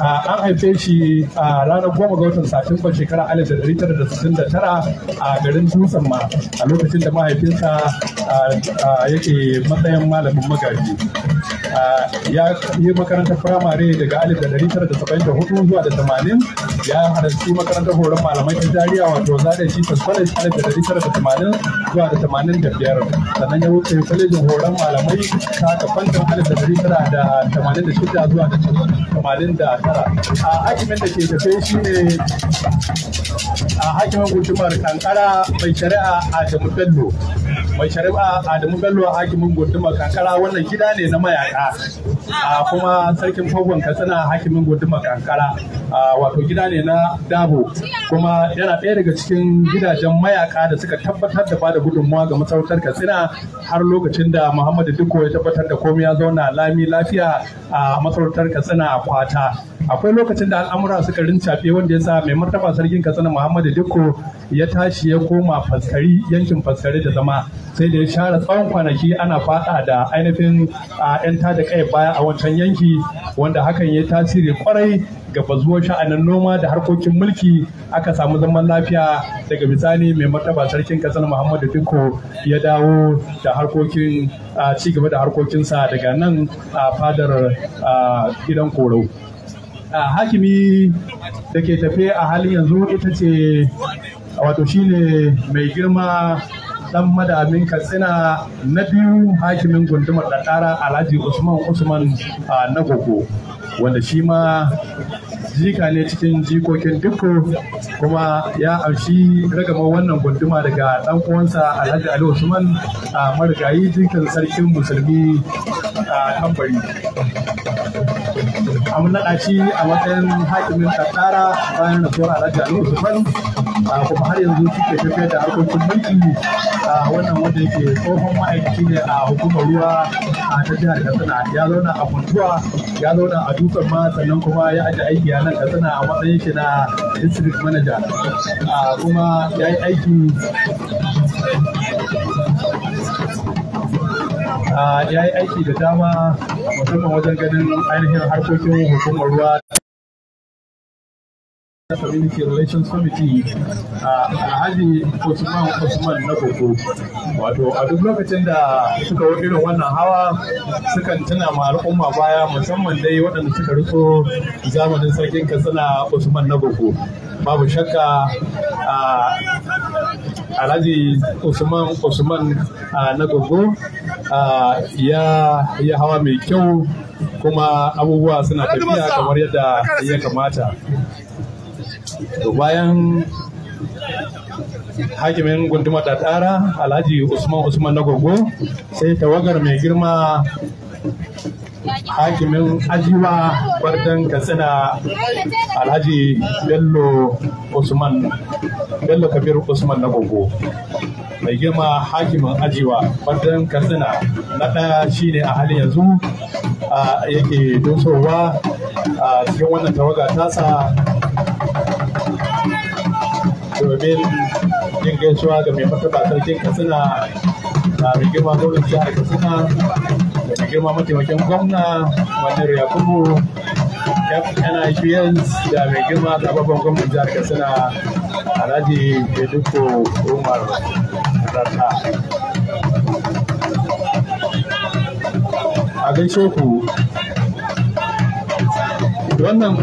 an haife shi a ranar goma ga watan satumba shekara alif da tara da sittin da tara a garin dusan ma a lokacin da mahaifinsa yake matsayin malamin magaji ya yi makarantar firamare daga alif da 1974 zuwa da 80 ya halarci makarantar horon malamai ta jariya wato zare jesus college a da 1980 zuwa da 85 sannan ya wuce kwalejin horon malamai ta a da 1986 zuwa da 89 a ajimin da ke tafe shi ne hakimin gundumar kankara mai shari'a Adamu Bello. Mai shari'a Adamu Bello a hakimin gundumar kankara wannan gida ne na mayaka. kuma sarkin fagon katsina hakimin gundumar kankara wato gida ne na dabo kuma yana ɗaya daga cikin gidajen mayaka da suka tabbatar da bada gudunmawa ga masarautar katsina har lokacin da muhammadu duko ya tabbatar da komai ya zauna lami lafiya a masarautar katsina a kwata akwai lokacin da al'amura suka rincafe wanda ya sa mai martaba sarkin katsina muhammadu diko ya tashi ya koma faskari yankin faskari da zama sai da ya share tsawon kwanaki ana fada da ainihin yan da kai baya a wancan yanki wanda hakan ya tasiri kwarai ga bazuwar sha'anin noma da harkokin mulki aka samu zaman lafiya daga bisani mai martaba sarkin kasar muhammadu diko ya dawo da harkokin ci gaba da harkokinsa daga nan a fadar gidan korau a hakimi da ke tafe a halin yanzu ita ce wato shine mai girma dan madamin katsina na biyu hakimin gundumar ɗaɗara alhaji usman usman a nagogo wanda shi ma jika ne cikin jikokin dukko kuma ya amshi ragama wannan gunduma daga ɗan uwansa alhaji ali usman a marigayi jikin sarkin musulmi A tambari an naɗa shi a matsayin hakimin kaddara bayan rasuwar alhaji ali usman kuma har yanzu suke tafiyar da harkokin mulki wannan wanda yake tsohon ma'aikaci ne a hukumar ruwa a ta jihar katsina ya zauna a kuntuwa ya zauna a dutsen ma sannan kuma ya aji aiki a nan katsina a matsayin shi na district manager kuma ya yi aiki ya yi aiki da dama musamman wajen ganin ainihin harkokin hukumar ruwa Community Relations Committee a Alhaji osman osman na Koko. Wato a duk lokacin da suka wa irin wannan hawa sukan tuna ma al'umma baya musamman dai waɗanda suka riko zamanin sarkin Katsina Usman na Koko. Babu shakka alhaji usman usman na gogo ya hawa mai kyau kuma abubuwa suna tafiya kamar yadda ya kamata bayan hakimin gunduma da tsara alhaji usman usman na gogo sai tawagar mai girma hakimin ajiwa bardan katsina alhaji bello usman bello kabir usman na gogo mai girma hakimin ajiwa bardan katsina na ɗaya shine a halin yanzu yake dosowa a cikin wannan tawaga tasa domin yin gaisuwa ga mai martaba sarkin katsina da mai girma gwamnan jihar katsina mace mai girma mataimakin gwamna Manar Yakubu yana biyan da mai girma babban gwamnan jihar Katsina Alhaji Beduko Umar Rata. A gaishe ku wannan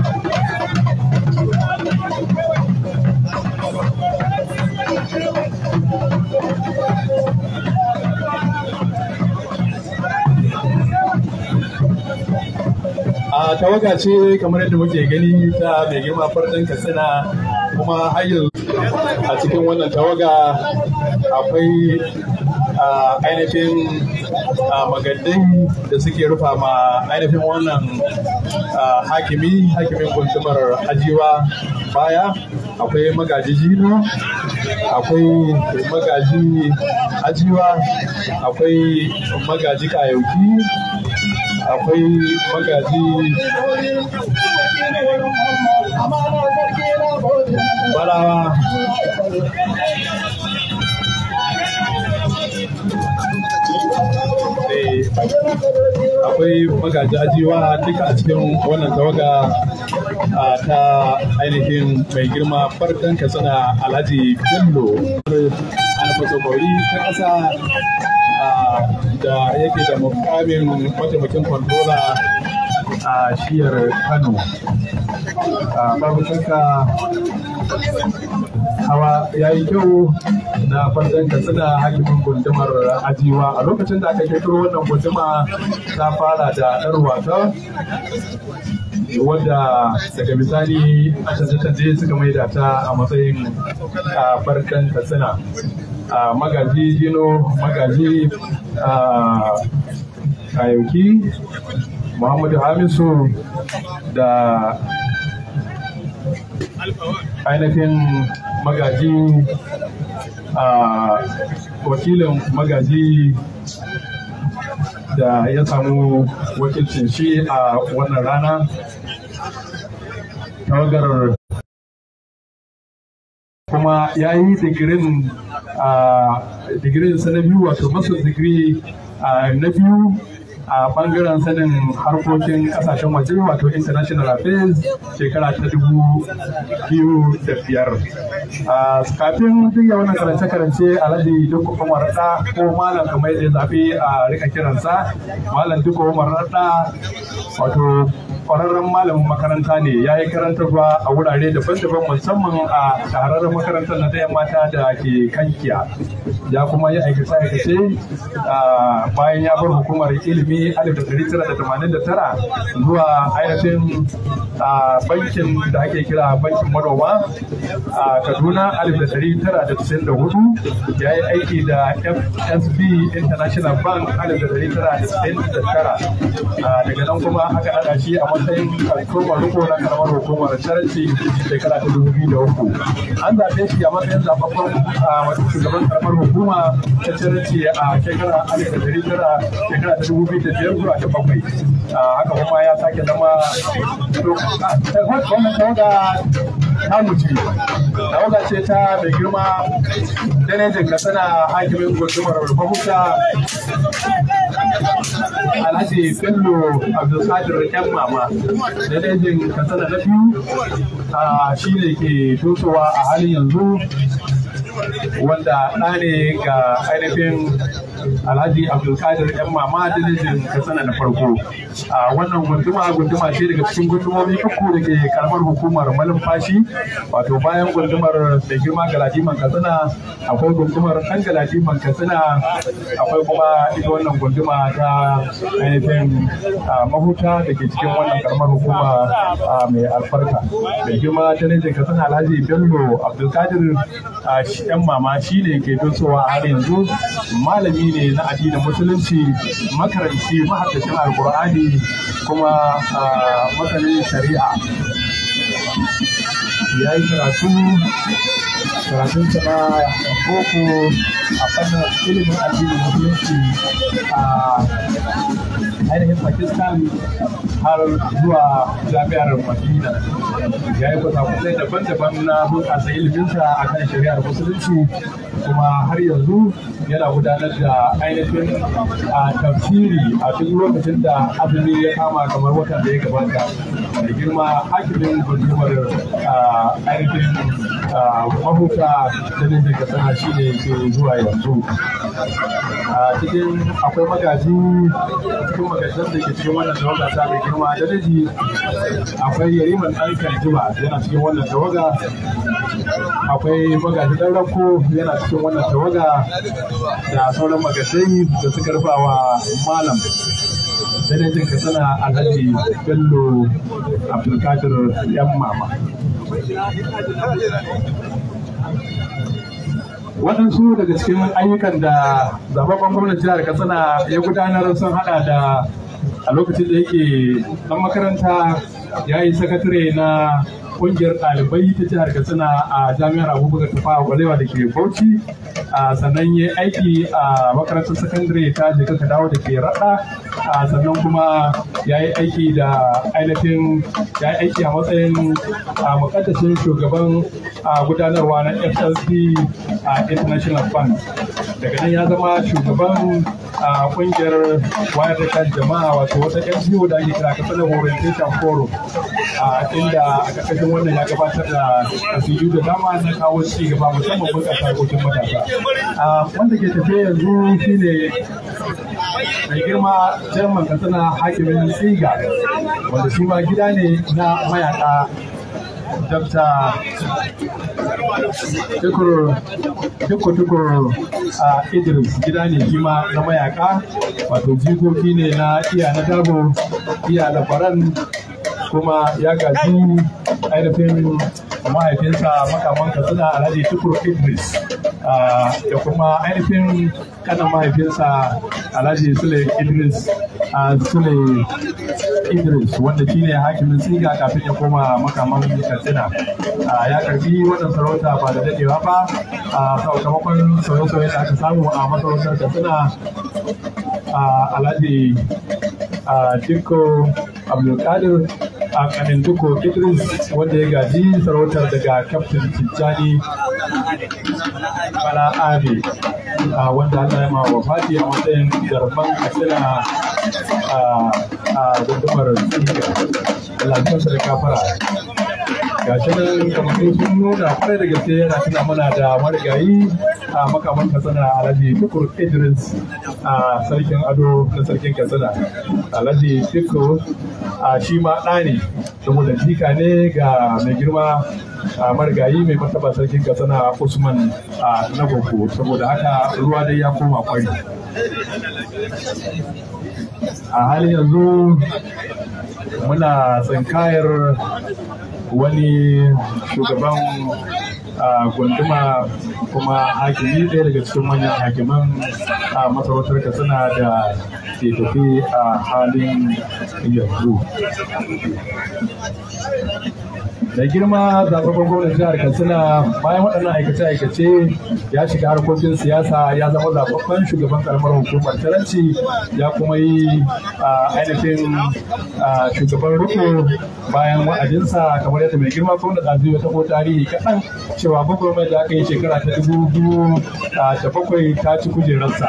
Ah, tawaga ce kamar yadda muke gani ta mai girma farɗin katsina kuma har a cikin wannan tawaga akwai ah, ainihin ah, magadin da suke rufa ma ainihin wannan hakimi hakimin gundumar ajiwa baya akwai magaji jino akwai magaji ajiwa akwai magaji kayauki akwai magaji balawa eh, akwai magaji ajiwa duka a cikin wannan tawaga ah, ta ainihin mai girma farkon katsina alhaji bello an fasa ta ƙasa da yake da mukamin mataimakin kwandola a shiyar kano babu shakka hawa ya yi kyau na fandan katsina hakimin gundumar ajiwa a lokacin da aka kirkiro wannan gunduma ta fara da ɗan wasa wadda daga misali a canje-canje suka maida ta a matsayin farkan katsina magaji jino magaji ayoki muhammadu hamisu da ainihin magaji a wakilin magaji da ya samu wakilcin shi a wannan rana tawagar kuma ya yi digirin digirin sanin biyu wato masu digiri na biyu a bangaren sanin harkokin kasashen waje wato international affairs shekara ta dubu biyu da biyar kafin duk wannan karance-karance alhaji duk umar da ko malam kamar yadda zafi a rika kiransa malam duk umar da wato kwararren malamin makaranta ne ya yi karantarwa a wurare daban-daban musamman a shahararren makarantar na daya mata da ke kankiya ya kuma yi aikace-aikace bayan ya bar hukumar ilimi 1989 zuwa ainihin bankin da ake kira bankin manoma a kaduna 1994 ya yi aiki da fsb international bank 1999 daga nan kuma aka haɗa shi a matsayin karfin mariko na karamar hukumar charity shekara ta dubu biyu da uku an zaɓe shi a matsayin zaɓaɓɓen shugaban karamar hukuma ta charity a shekara alif da dari tara shekara ta dubu biyu da biyar zuwa ta bakwai haka kuma ya sake zama wannan tawaga ta mutu tawaga ce ta mai girma danejin kasana hakimin gudumar rufahuta alhaji bello abdulkadir yan mama da dajin na biyu shi ne ke tosowa a halin yanzu wanda ɗa ne ga ainihin alhaji abdulkadir yan mama dalilin katsina na farko a wannan gunduma gunduma ce daga cikin gundumomi uku da ke karamar hukumar Fashi. wato bayan gundumar da girma galadiman katsina akwai gundumar ɗan galadiman katsina akwai kuma ita wannan gunduma ta ainihin mahuta da ke cikin wannan karamar hukuma mai alfarka da girma dalilin katsina alhaji bello abdulkadir yan mama shi ne ke dosowa har yanzu malami ne na addinin musulunci makaranci mahaddacin alkur'ani kuma masanin shari'a ya yi karatu karatunta na boko a fannin ilimin addinin musulunci a ainihin pakistan har zuwa jami'ar madina ya yi kwasa daban-daban na bunƙasa iliminsa a kan shari'ar musulunci kuma har yanzu yana gudanar da ainihin tafsiri a duk lokacin da azumi ya kama kamar watan da ya gabata da girma hakimin gundumar ainihin mahuta sa talabijin katsina shi ne ke zuwa yanzu a cikin akwai magaji cikin magajin da ke cikin wannan tawaga ta mai girma da daji akwai yariman ɗan kanjima yana cikin wannan tawaga akwai magajin ɗan rako yana cikin wannan tawaga da sauran magajai da suka rufawa malam dalilin ka sana alhaji bello abdulkadir yan mama waɗansu daga cikin ayyukan da zababban gwamnati jihar katsina ya gudanar sun hada da a lokacin da yake ɗan makaranta ya yi sakatare na ƙungiyar ɗalibai ta jihar katsina a jami'ar abubakar tafa gwalewa da ke bauchi sannan ya aiki a makarantar sakandare ta jikin dawo da ke raɗa Ah, sannan kuma ya yi aiki da ainihin ya yi aiki a matsayin ah, mukaddashin shugaban ah, gudanarwa na fsc International Fund daga nan ya zama shugaban kungiyar wayar da kan jama'a wato wata NGO da ake kira Kasanar Orientation Forum inda a ƙarƙashin wannan ya gabatar da asiru da dama na kawo ci gaba musamman bunƙasa harkokin matasa wanda ke tafiya yanzu shine mai girma jerman katsina hakimin tsiga wanda shi ma gida ne na mayaka dabta tukur a idris gida ne kima na mayaka wato jikoki ne na iya na dabo iya labaran kuma ya gaji ainihin da mahaifinsa makaman katsina alhaji shukuru idris ah, da kuma ainihin kanan mahaifinsa alhaji sule idris ah, sule idris wanda shi ne hakimin siga kafin ya koma makaman katsina ah, ya karbi wannan sarauta ba da dadewa ba sakamakon sauye-sauye da aka samu a masarautar katsina alhaji dikko abdulkadir a kanin duko idris wanda ya gaji sarautar daga kaftin tijjani bala abi wanda ya yi mawa fati a matsayin garban kasina a gudumar tsiga lantarki da kafara ga shi nan kamar sun nuna kwarai da gaske yana tuna mana da marigayi a makaman katsina alhaji tukur idris a sarkin ado na sarkin katsina alhaji tukur a shi ma ɗa ne saboda jika ne ga mai girma a marigayi mai martaba sarkin katsina usman a nagogo saboda haka ruwa dai ya koma kwari a halin yanzu muna tsinkayar wani shugaban a gunduma kuma hakimi ɗaya daga cikin manyan hakiman a masarautar suna da ke tafi a halin yanzu da girma zababben gwamnan jihar katsina bayan waɗannan aikace-aikace ya shiga harkokin siyasa ya zama zababben shugaban karamar hukumar taranci ya kuma yi ainihin shugaban riko bayan wa'adinsa kamar yadda mai girma kuma da ɗazu ya taɓo tarihi kaɗan cewa gwamnan da aka yi shekara ta dubu biyu da bakwai ta ci kujerarsa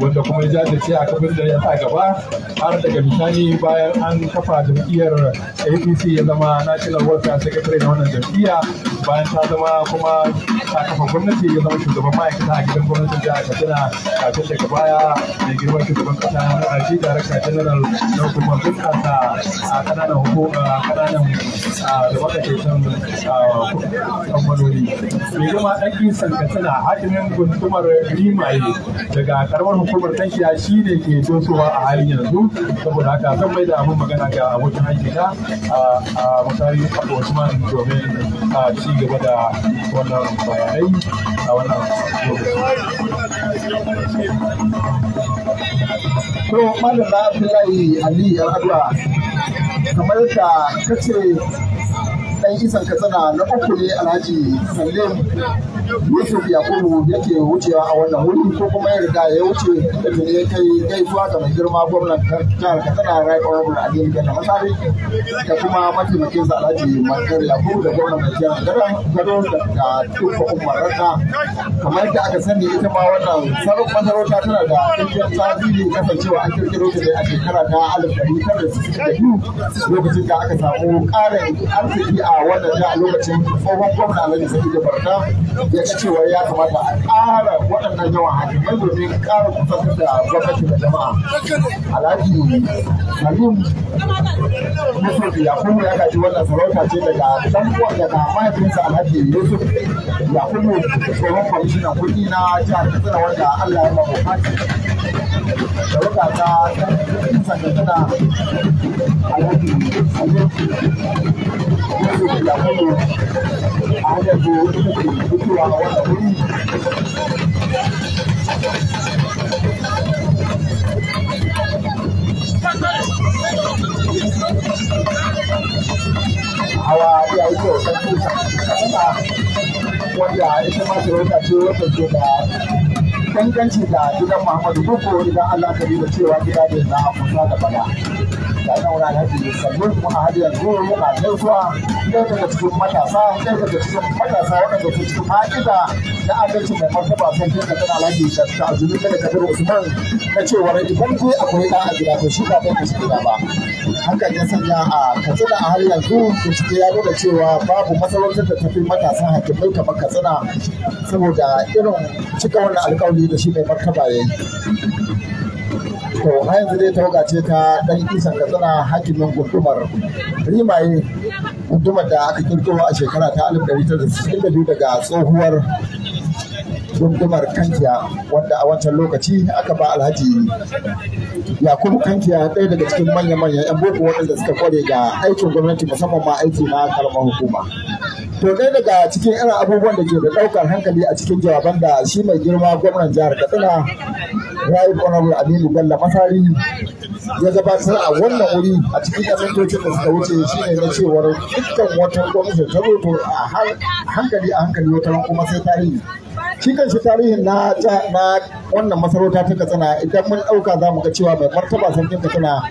wanda kuma ya jajirce a kafin da ya sa gaba har daga bisani bayan an kafa jam'iyyar apc ya zama national world secretary sakatare na wannan jam'iyya bayan ta zama kuma ta kafa gwamnati ya zama shugaban ma'aikata a gidan gwamnatin jihar katsina kafin daga baya mai girman shugaban kasa na aji darakta general na hukumar bunƙasa a kananan hukuma kananan da matsakaitan kamfanoni mai girma ɗan isan katsina hakimin guntumar rimaye daga karamar hukumar tankiya shi ne ke sosowa a halin yanzu saboda haka zan mai da abin magana ga abokin aiki na a misali abu domin a ci gaba da wannan bayanai a wannan to malam na abdullahi ali al'adwa kamar ka ce ɗan isan katsina na uku ne alhaji salim yusuf yakubu yake wucewa a wannan wurin ko kuma ya riga ya wuce da tuni ya kai gaisuwa ga mai girma gwamnan jihar katsina rai honorable aliyu bello masari da kuma mataimakin sa alhaji mankar yakubu da gwamnan mai jihar gado da tufa umar raka kamar yadda aka sani ita ma wannan sarrafa masarauta tana da ɗimbin ne kasancewa an kirkiro ta ne a shekara ta alif ɗari tara da da biyu lokacin da aka samu ƙarin arziki a wannan jiha lokacin tsohon gwamna alhaji sa'id barna ya ci cewa ya kamata a ƙara waɗannan yawan hakimai domin ƙara kusantar da gwamnati da jama'a alhaji salim yusuf yakubu ya gaji wannan sarauta ce daga dan daga mahaifinsa alhaji yusuf ya yakubu tsohon kwamishinan kuɗi na jihar katsina wanda allah ya mamu fati sarauta ta kusa da tana alhaji Yusuf, ya yakubu a hanyar zuwa a ya yi kyau ita ma sarauta wata ke da danganci da gidan muhammadu duk idan allah ka da cewa gida da na kusa da bada ga ina wani alhaji ne sannan kuma a hajiyar zuwa muna gaisuwa ɗaya daga cikin matasa ɗaya daga cikin matasa waɗanda ke cikin fa'ida na adalci mai martaba sun fi kan alhaji da azumi da kabiru usman na cewa idan dai akwai ɗan a gida to shi ba ɗan shi gida ba hakan ya sanya a katsina a har yanzu da bincike ya nuna cewa babu masarautar da ta tafi matasan hakimai kamar katsina saboda irin cika wannan alkawari da shi mai martaba ya yi to har yanzu dai tawaga ce ta dan ka katsina hakimin gundumar rimaye gundumar da aka kirkiro a shekara ta 1962 daga tsohuwar gundumar kankiya wanda a wancan lokaci aka ba alhaji yakubu kankiya ɗaya daga cikin manya-manyan 'yan boko waɗanda suka kware ga aikin gwamnati musamman ma aiki na karamar hukuma to ɗaya daga cikin irin abubuwan da ke da ɗaukar hankali a cikin jawaban da shi mai girma gwamnan jihar katsina rayu honorable aminu bello masari ya gabatar a wannan wuri a cikin asibitocin da suka wuce shi ne na cewar dukkan wata gwamnati ta roto a hankali a hankali wata kuma sai tarihi shi kanshi tarihin na na wannan masarauta ta katsina idan mun ɗauka za mu ga cewa mai martaba sarkin katsina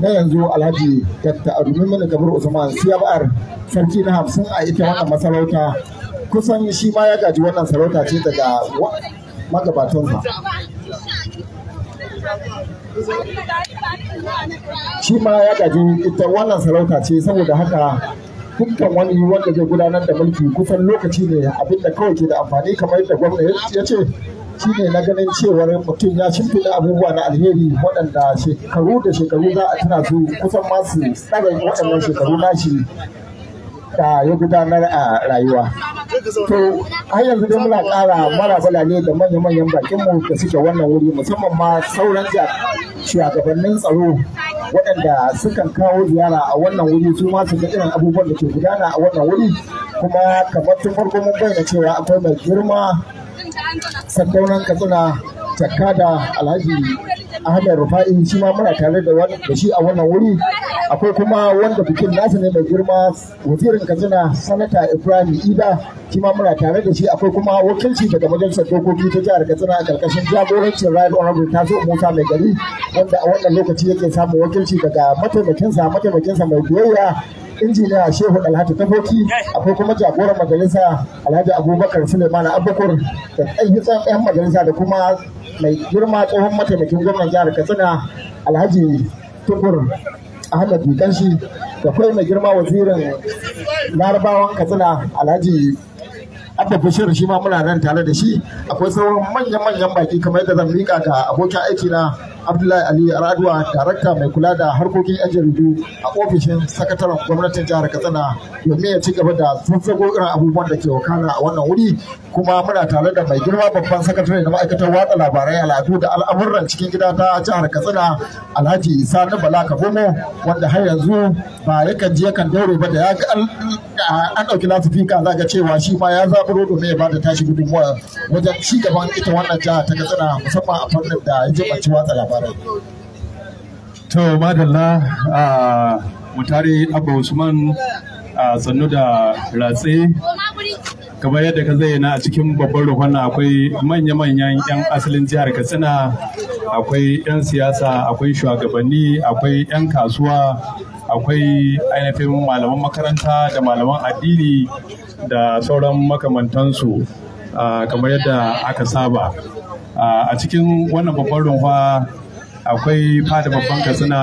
na yanzu alhaji dakta abdulmin mini gabar usman siyabar sarki na hamsin a ita wannan masarauta kusan shi ma ya gaji wannan sarauta ce daga magabatansa shi ma ya gaji ita wannan sarauta ce saboda haka dukkan wani wanda zai gudanar da mulki kusan lokaci ne abin da kawai ke da amfani kamar yadda gwamna ya ce shi ne na ganin cewar mutum ya shimfiɗa abubuwa na alheri waɗanda shekaru da shekaru za a tuna su kusan masu tsara waɗannan shekaru nashi da ya gudanar a rayuwa. To, har yanzu dai muna ƙara marabala ne da manya-manyan bakinmu da suke wannan wuri musamman ma sauran shugabannin tsaro waɗanda sukan kawo ziyara a wannan wuri su ma su irin abubuwan da ke gudana a wannan wuri kuma kamar tun farko mun bayyana cewa akwai mai girma sakonan katsina da alhaji Ahmed Rufa'i shi ma muna tare da shi a wannan wuri akwai kuma wanda bikin nasa ne mai girma wazirin Katsina sanata Ibrahim Ida shi ma muna tare da shi akwai kuma wakilci daga majalisar dokoki ta jihar Katsina a karkashin jagorancin Right ta Taso Musa mai gari wanda a wannan lokaci yake samun wakilci daga mataimakinsa mataimakinsa mai biyayya injiniya shehu alhaji tafoki akwai kuma jagoran majalisa alhaji abubakar suleiman Abubakar, da ɗan yan majalisa da kuma mai girma tsohon mataimakin gwamnan jihar katsina alhaji tukur ahmad dukanshi da kai mai girma wazirin larabawan katsina alhaji abba bashir shi ma muna nan tare da shi akwai sauran manyan manyan baki kamar yadda zan mika ga abokin aiki na Abdullahi Ali Raduwa darakta mai kula da harkokin yan jaridu a ofishin sakataren gwamnatin jihar Katsina domin ya ci gaba da zazzago irin abubuwan da ke wakana a wannan wuri kuma muna tare da mai girma babban sakatare na ma'aikatar watsa labarai al'adu da al'amuran cikin gida ta jihar Katsina Alhaji Isa na Bala Kabomo wanda har yanzu ba yakan je kan daure ba da ya ga an ɗauki lasifika za ga cewa shi ma ya zaburo domin ya bada tashi gudunmuwa wajen ci gaban ita wannan jiha ta Katsina musamman a fannin da ya jibanci watsa labarai. to madalla a mutare abba usman a sannu da ratse kamar yadda ka zayyana a cikin babban ruhon akwai manya-manyan 'yan asalin jihar katsina akwai 'yan siyasa akwai shugabanni akwai 'yan kasuwa akwai ainihin malaman makaranta da malaman addini da sauran makamantansu kamar yadda aka saba a cikin wannan babban ruhon akwai fada babban katsina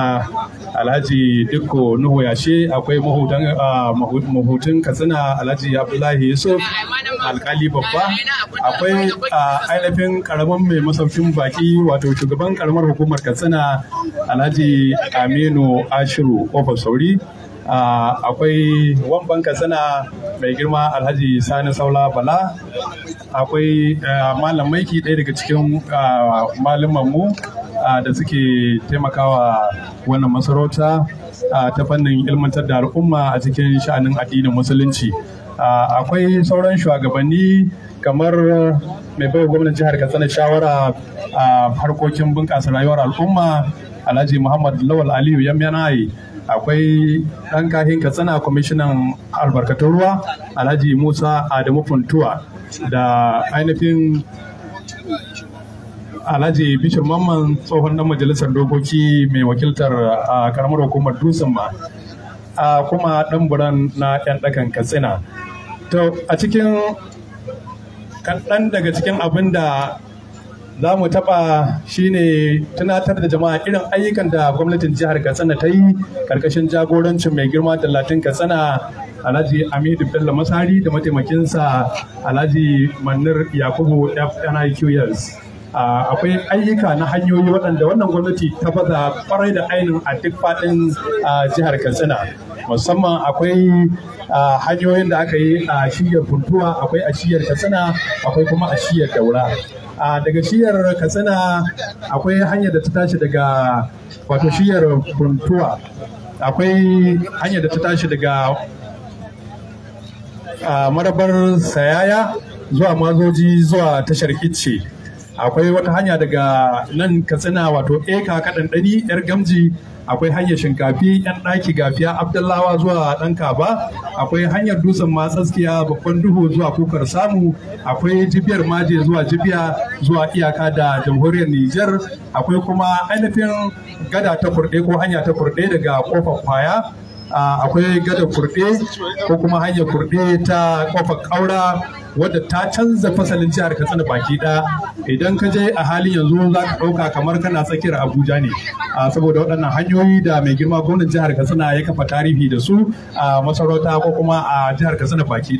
alhaji dikko nuhu yashe akwai ah, mahutun katsina alhaji abdullahi yusuf alkali babba akwai ah, ainihin karamin mai masaukin baki wato shugaban karamar hukumar katsina alhaji aminu ashiru kofar sauri ah, akwai wamban katsina mai girma alhaji sani saula bala akwai eh, malam maiki ɗaya daga cikin ah, mu ah, da suke taimakawa wannan masarauta ah, ta fannin ilmantar da al'umma a cikin sha'anin addinin musulunci akwai sauran shugabanni kamar mai baiwa gwamnan jihar katsina shawara a harkokin bunƙasa rayuwar al'umma alhaji muhammad lawal aliyu yamyanaye akwai ɗan kahin katsina kwamishinan albarkatun ruwa alhaji musa adamu funtuwa da ainihin alhaji bishir mamman tsohon dan majalisar dokoki mai wakiltar a karamar hukumar dusan ma a kuma ɗan buran na yan ɗakan katsina to a cikin kaɗan daga cikin abin da za mu taɓa shine tunatar da jama'a irin ayyukan da gwamnatin jihar katsina ta yi karkashin jagorancin mai girma talatin katsina alhaji amidu bello masari da mataimakinsa alhaji manir yakubu fniqs akwai ayyuka na hanyoyi waɗanda wannan gwamnati ta baza kwarai da ainihin a duk faɗin jihar katsina musamman akwai hanyoyin da aka yi a shiyar funtuwa akwai a shiyar katsina akwai kuma a shiyar daura a daga shiyar katsina akwai hanyar da ta tashi daga wato shiyar buntuwa akwai hanyar da ta tashi daga marabar sayaya zuwa mazoji zuwa tashar kicce akwai wata hanya daga nan katsina wato eka kaɗan ɗani yar gamji akwai hanyar shinkafi yan ɗaki gafiya abdullawa zuwa ɗan kaba akwai hanyar dutsen matsaskiya babban duhu zuwa kukar samu akwai jibiyar maje zuwa jibiya zuwa iyaka da jamhuriyar niger akwai kuma ainihin gada ta kurɗe ko hanya ta kurɗe daga kofar kwaya akwai gada kurɗe ko kuma hanyar kurɗe ta kofar ƙaura wadda ta canza fasalin jihar katsina baki idan ka je a halin yanzu za ka ɗauka kamar kana tsakiyar abuja ne saboda waɗannan hanyoyi da mai girma gwamnan jihar katsina ya kafa tarihi da su a masarauta ko kuma a jihar katsina baki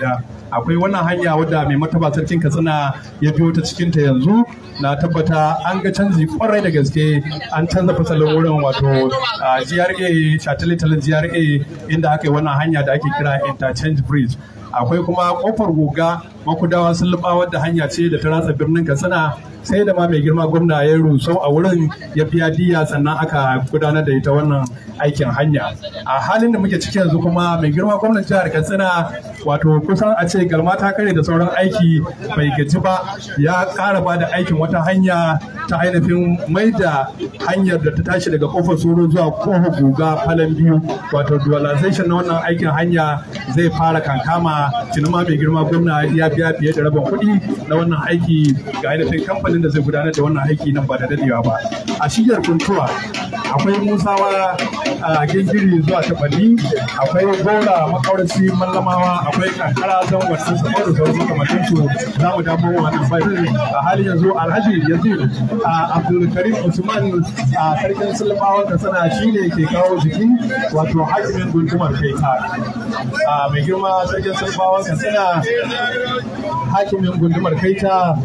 akwai wannan hanya wadda mai martaba sarkin katsina ya biyo ta cikin ta yanzu na tabbata an ga canji kwarai da gaske an canza fasalin wurin wato gra shataletalen gra inda aka yi wannan hanya da ake kira interchange bridge akwai kuma kofar goga makudawa sun luba wadda hanya ce da ta ratsa birnin katsina sai da ma mai girma gwamna ya rusau a wurin ya biya diya sannan aka gudanar da ita wannan aikin hanya a halin da muke ciki yanzu kuma mai girma gwamnan jihar katsina wato kusan a ce galma ta kare da sauran aiki bai gaji ba ya kara ba da aikin wata hanya ta ainihin mai da hanyar da ta tashi daga kofar soro zuwa kofar goga falon biyu wato dualization na wannan aikin hanya zai fara kankama Cinema mai girma gwamna ya biya fiye da rabin kuɗi na wannan aiki ga ainihin kamfanin da zai gudanar da wannan aiki nan ba da dadewa ba a shiyar kuntuwa akwai musawa a gingiri zuwa tabali akwai gora makawarci mallamawa akwai kankara don wasu samar da sauransu kamar su za mu damo wannan bayan a halin yanzu alhaji yanzu a abdulkarim usman a sarkin sulmawa da sana shi ne ke kawo jiki wato hakimin gundumar kai ta mai girma sarkin yarbawa katsina hakimin gundumar kaita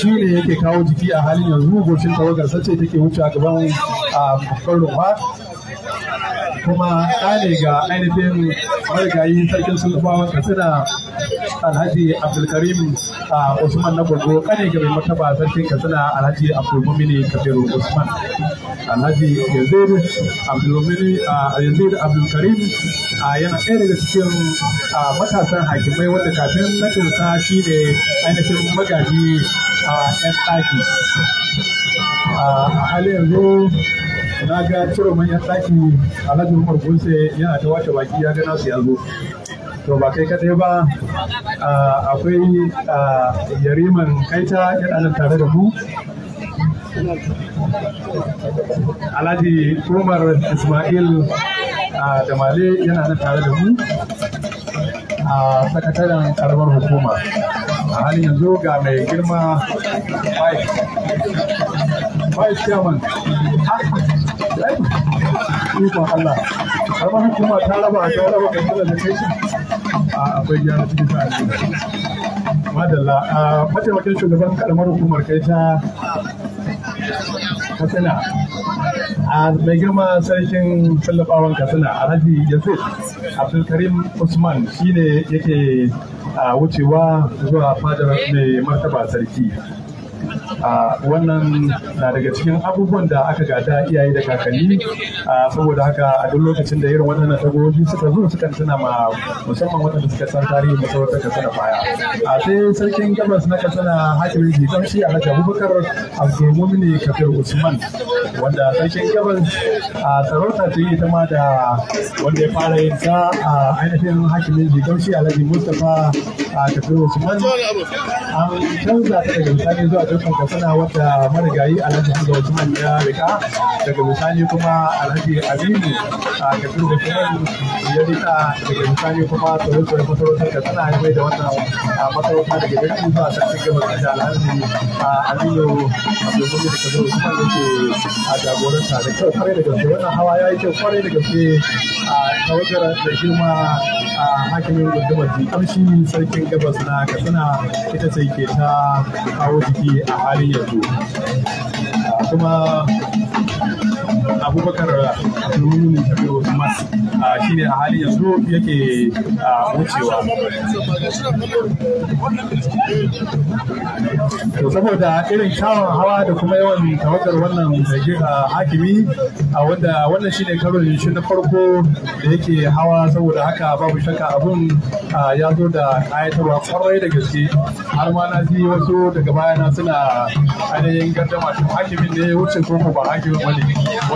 shi ne yake kawo jiki a halin yanzu goshin tawagar sace take wuce a gaban ah, babban kuma ɗane ga ainihin marigayi sarkin sulfawa katsina alhaji abdulkarim a usman na gurgo kane ga mai martaba sarkin katsina alhaji abdulmumini kabiru usman alhaji yazid abdulmumini yazid abdulkarim yana ɗaya daga cikin matasan hakimai wanda kafin na sa shi ne ainihin magaji a 'yan ɗaki a halin yanzu na ga ciro manyan ɗaki alhaji umar gunse yana ta wace baki ya gana su ya to ba kai kadai ba akwai yariman kaita ya nan tare da mu alhaji umar ismail da male yana nan tare da mu a sakataren karamar hukuma a halin yanzu ga mai girma 5 chairman ikon Allah har ma hukuma ta raba a shawara ba da kai a akwai gyara cikin sa madalla a mataimakin shugaban karamar hukumar kai ta katsina a mai girma sarkin tallafawan katsina alhaji yasir abdulkarim usman shine yake wucewa zuwa fadar mai martaba sarki wannan na daga cikin abubuwan da aka gada iyaye da kakanni saboda haka a duk lokacin da irin waɗannan tagogi suka zo sukan tuna ma musamman waɗanda suka san tarihi masarautar da baya a sai sarkin gabas na kasana hakimin jikamci a haka abubakar Abdulmumin kafir usman wanda sarkin gabas a sarauta ta yi ta ma da wanda ya fara yin ta a ainihin hakimin jikamci alhaji mustapha a kafir usman an canza ta daga misali zuwa dukkan sana wata marigayi alhaji da usman ya rika daga misali kuma alhaji aminu a kafin da kuma ya rika daga misali kuma tsoron masarautar katsina ya haifai da wannan masarauta daga jirgin zuwa sarkin gabas da alhaji aminu abdulmumin da kafin wasu ya ke a jagoranta da kyau kwarai da gaske wannan hawa ya yi kyau kwarai da gaske a tawagar da girma a hakimin gudumar kamshi sarkin gabas na katsina ita ce ke ta kawo jiki a har yanzu kuma abubakar abdulmumin wasu masu, shi ne a hali yanzu yake wucewa to saboda irin kyawun hawa da kuma yawan tawagar wannan hakimi a wanda wannan shi shine karon shi na farko da yake hawa saboda haka babu shaka, abun ya zo da ayatarwa kwarai da gaske har ma na ji wasu daga bayana suna ainihin gardama shi hakimin ne ya wuce ko ba hakimin wani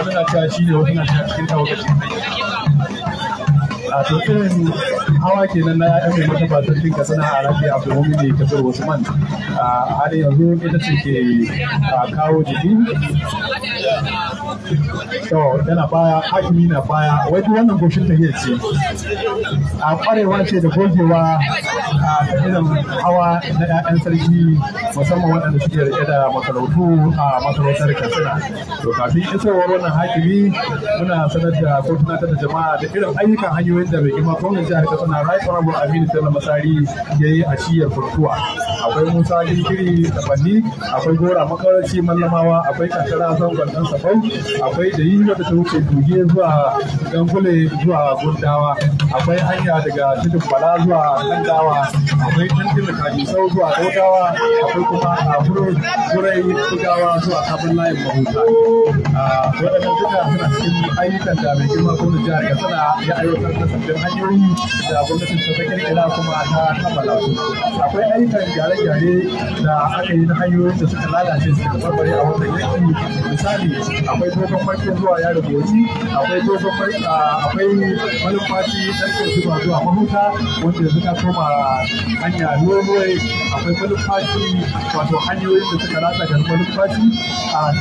wani na cewa shi ne wani na cewa cikin tawagacin sai a to irin hawa kenan na ya'yan mai mata batar din ka sana a rafi a domin ne ka zuru wasu man a har yanzu ita ce ke kawo jiki to yana baya hakimi na baya wai duk wannan goshin tahiyar ce a kwarewa ce da gogewa a irin hawa na 'ya'yan sarki musamman waɗanda suke rike da masarautu a masarautar katsina to kafin isowar wannan hakimi muna sanar da ko tunatar da jama'a da irin ayyukan hanyoyin da bai gima kwanan jihar katsina right honorable aminu tana masari ya yi a shiyar furtuwa akwai musa jinkiri da fanni, akwai gora makaraci mallamawa akwai kankara zangon ɗan sabau akwai da yi wata ta wuce duge zuwa dangule zuwa gundawa akwai hanya tafiya daga cikin bala zuwa landawa akwai tantin da kaji sau zuwa dogawa akwai kuma kafuro zurai kudawa zuwa sabon layin mahuta wadannan duka suna cikin ayyukan da mai girma gwamnati jihar katsina ya aiwatar da sabbin hanyoyi da gwamnatin ta ta kirkira kuma ta kammala su akwai ayyukan gyare-gyare da aka yi na hanyoyin da suka lalace suka barbare a wannan yankin misali akwai dogon farkin zuwa yaro goji akwai dogon farkin akwai malumfaci ɗan zuwa zuwa mahuta wanda yanzu ta koma hanya norway akwai manufaci wato hanyoyin da suka rasa da malumfashi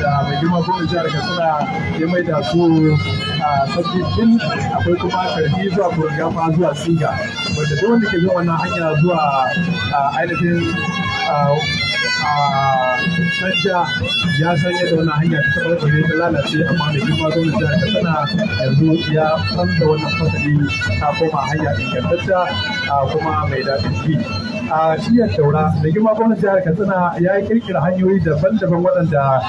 da mai girma goma jihar katsina ya mai da su sabbin din akwai kuma karfi zuwa kurgafa zuwa singa wanda duk wanda ke zuwa wannan hanya zuwa ainihin Sanja ya san yadda wannan hanya ta taɓa tsare ta lalace amma da girma goma jihar Katsina yanzu ya san da wannan fasali ta koma hanya hanya ingantacciya kuma mai daɗin ji. a shiyar taura da girma gwamnati jihar katsina ya kirkira hanyoyi daban-daban waɗanda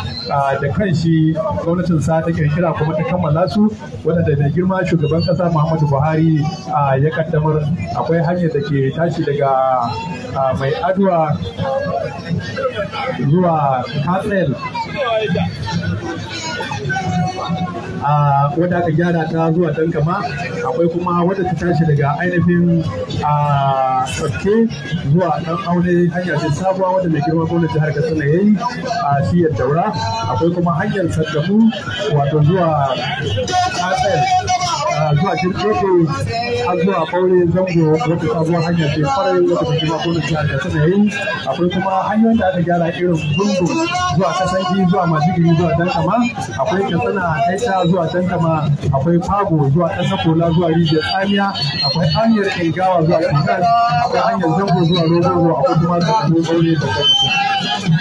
da kan shi gwamnatin sa ta kirkira kuma ta kammala su waɗanda da girma shugaban ƙasa muhammadu buhari ya kaddamar akwai hanyar da ke tashi daga mai aduwa zuwa katsel wadda aka gyara ta zuwa tankama akwai kuma wadda ta tashi daga ainihin tsakke zuwa dan aune hanyar ce sabuwa wadda mai girma gwamnati jihar katsina ya yi a siyar daura akwai kuma hanyar saddamu wato zuwa katsayar zuwa shirkeke har zuwa ɓaure zango wata sabuwar hanya fara kwarai wata ta shiga gona jihar da tana yi akwai kuma hanyoyin da aka gyara irin gungu zuwa kasanji zuwa majigiri zuwa dankama akwai katsina aita zuwa dankama akwai fago zuwa ƙasa kola zuwa rijiyar tsamiya akwai hanyar ingawa zuwa ƙasar akwai hanyar zango zuwa rogo akwai kuma tsakanin ɓaure da kuma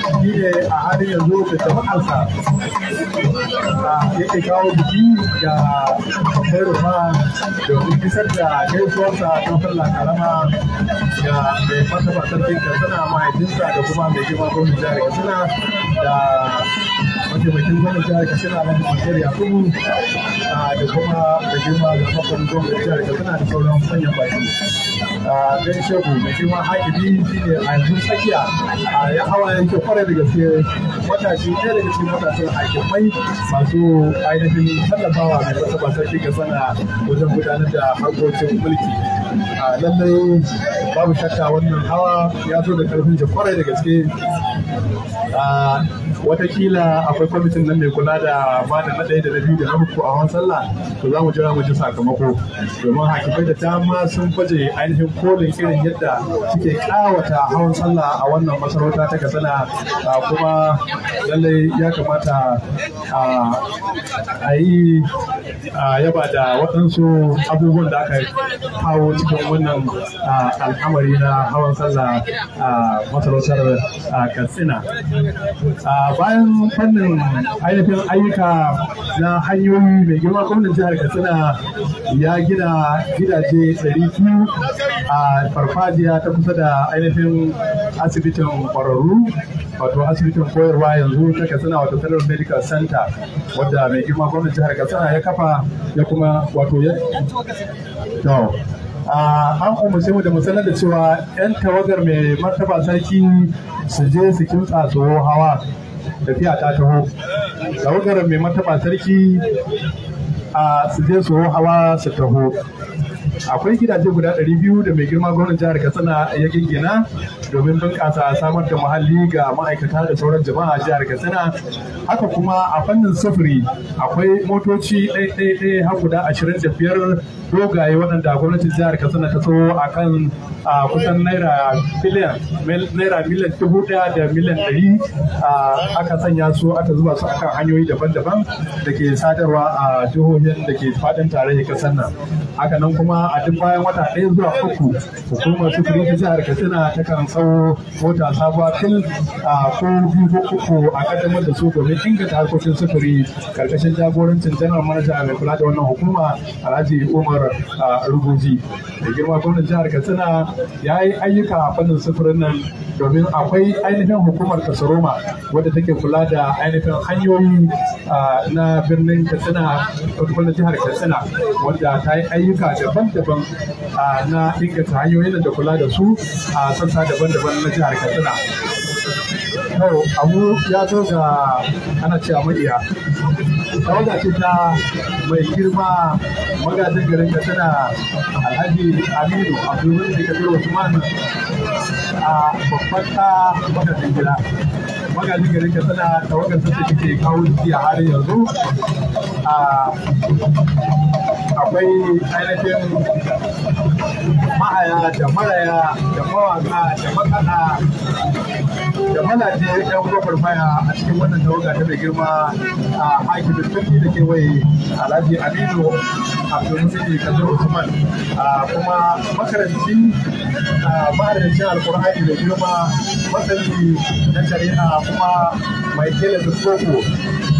shi ne a har yanzu da jama'arsa yake kawo biki da babbar rufa da kisar da gaisuwarsa ta falla karama da mai martaba sarkin katsina mahaifinsa da kuma mai girma gwamnan jihar katsina da mataimakin gwamnan jihar katsina na bishiyar yakubu da kuma mai girma da kafin gwamnan jihar katsina da sauran manyan baki don shehu mai girma hakimi shine a yanzu tsakiya ya hawa yanke kwarai da gaske matashi ɗaya daga cikin matasan hakimai masu ainihin tallafawa mai martaba sarki ga sana wajen gudanar da harkokin mulki lallai babu shakka wannan hawa ya zo da karfin da kwarai da gaske watakila akwai kwamitin nan mai kula da ba da na ɗaya da na biyu da na uku a sallah to za mu jira mu ji sakamako domin hakimai da dama sun baje ainihin kolin irin yadda suke kawata hawan sallah a wannan masarauta ta kasana kuma lallai ya kamata a yi yaba da waɗansu abubuwan da aka kawo cikin wannan al'amari na hawan sallah a masarautar katsina a bayan fannin ainihin ayyuka na hanyoyi mai girma gwamnan jihar katsina ya gina gidaje 200 a farfajiya ta kusa da ainihin asibitin kwararru wato asibitin koyarwa yanzu ta katsina wato federal medical center wadda mai girma gwamnan jihar katsina ya kafa ya kuma wato ya an umarce mu da mu da cewa 'yan tawagar mai martaba sarki su je su kimtsa tsoho hawa tafiya ta taho tawagar mai martaba sarki a su je tsoho hawa su taho akwai gidaje guda 200 da mai girma gwamnan jihar katsina ya gingina domin bunƙasa samar da muhalli ga ma'aikata da sauran jama'a jihar katsina haka kuma a fannin sufuri akwai motoci ɗaiɗaiɗai har guda 25 dogaye waɗanda gwamnatin jihar katsina ta so a kan kusan naira miliyan naira miliyan dubu ɗaya da miliyan ɗari aka sanya su aka zuba su akan hanyoyi daban-daban da ke sadarwa a jihohin da ke faɗin tarayyar ƙasar nan haka nan kuma a duk bayan wata ɗaya zuwa uku hukumar sufuri ta jihar katsina ta kan tsawo mota sabuwa fil ko biyu ko uku a ƙaddamar da su domin inganta harkokin sufuri karkashin jagorancin janar manaja mai kula da wannan hukuma alhaji umar jihar ruguji da girma gwamnan jihar katsina ya yi ayyuka a fannin sufurin nan domin akwai ainihin hukumar kasaroma wadda take kula da ainihin hanyoyi na birnin katsina na jihar katsina wadda ta yi ayyuka daban-daban na inganta hanyoyin da kula da su a sassa daban-daban na jihar katsina yau abu ya zo ga ana ce amadiya tawaga ce ta mai girma magajin garin da tana alhaji aminu abdulmuni da kabir usman a babban ta magajin gida magajin garin ka tana tawagar ta take kawo jiki a har yanzu akwai ainihin mahaya da maraya da mawaka da makana da malaje yan kofar maya a cikin wannan tawaga ta mai girma a hakimin turki da kewaye alhaji aminu abdulmusi kadir usman kuma makaranci ma'adadin alkur'ani da girma masani na shari'a uma, mai tela da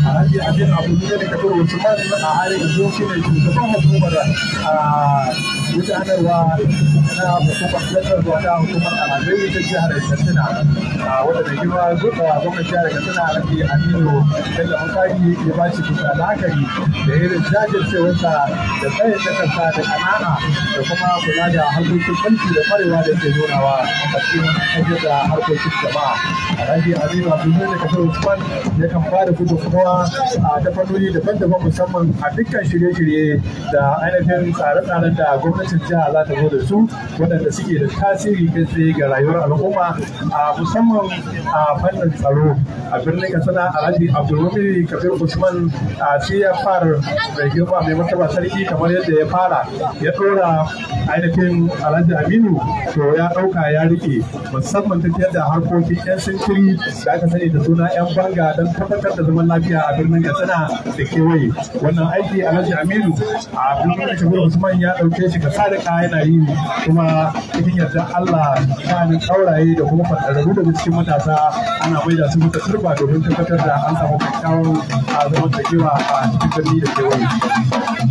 alhaji abin abu ne da kafin usman a halin yanzu shi ne shugaban hukumar ah, gudanarwa na hukumar gudanarwa na hukumar alhazai ta jihar katsina ah, wadda da girma zuba gwamnan jihar katsina alhaji aminu bello mutari ya ba shi kusa la'akari da irin jajircewarsa da tsaye ta kansa da kanana da kuma kula da harkokin banki da kwarewa da ke nunawa a cikin hanyar da harkokin jama'a alhaji aminu abu ne da kafin usman ya kan ba da gudunmawa A ta da daban-daban musamman a dukkan shirye-shirye da ainihin tsare-tsaren da gwamnatin jiha za ta zo da su waɗanda suke da tasiri kai tsaye ga rayuwar al'umma a musamman a fannin tsaro a birnin katsina alhaji Abdulrahman kabir usman a ce ya fara mai girma mai martaba sarki kamar yadda ya fara ya ɗora ainihin alhaji aminu to ya ɗauka ya rike musamman tafiyar da harkokin 'yan sintiri da aka sani da suna 'yan banga don tabbatar da zaman lafiya lafiya a birnin katsina da kewaye wannan aiki alhaji aminu a birnin shagur usman ya dauke shi Ka sadaka yana yi kuma cikin yadda allah shanin ƙauraye da kuma fadararru daga cikin matasa ana maida su muka turba domin tabbatar da an samu kyakkyawan zaman kewa a cikin birni da kewaye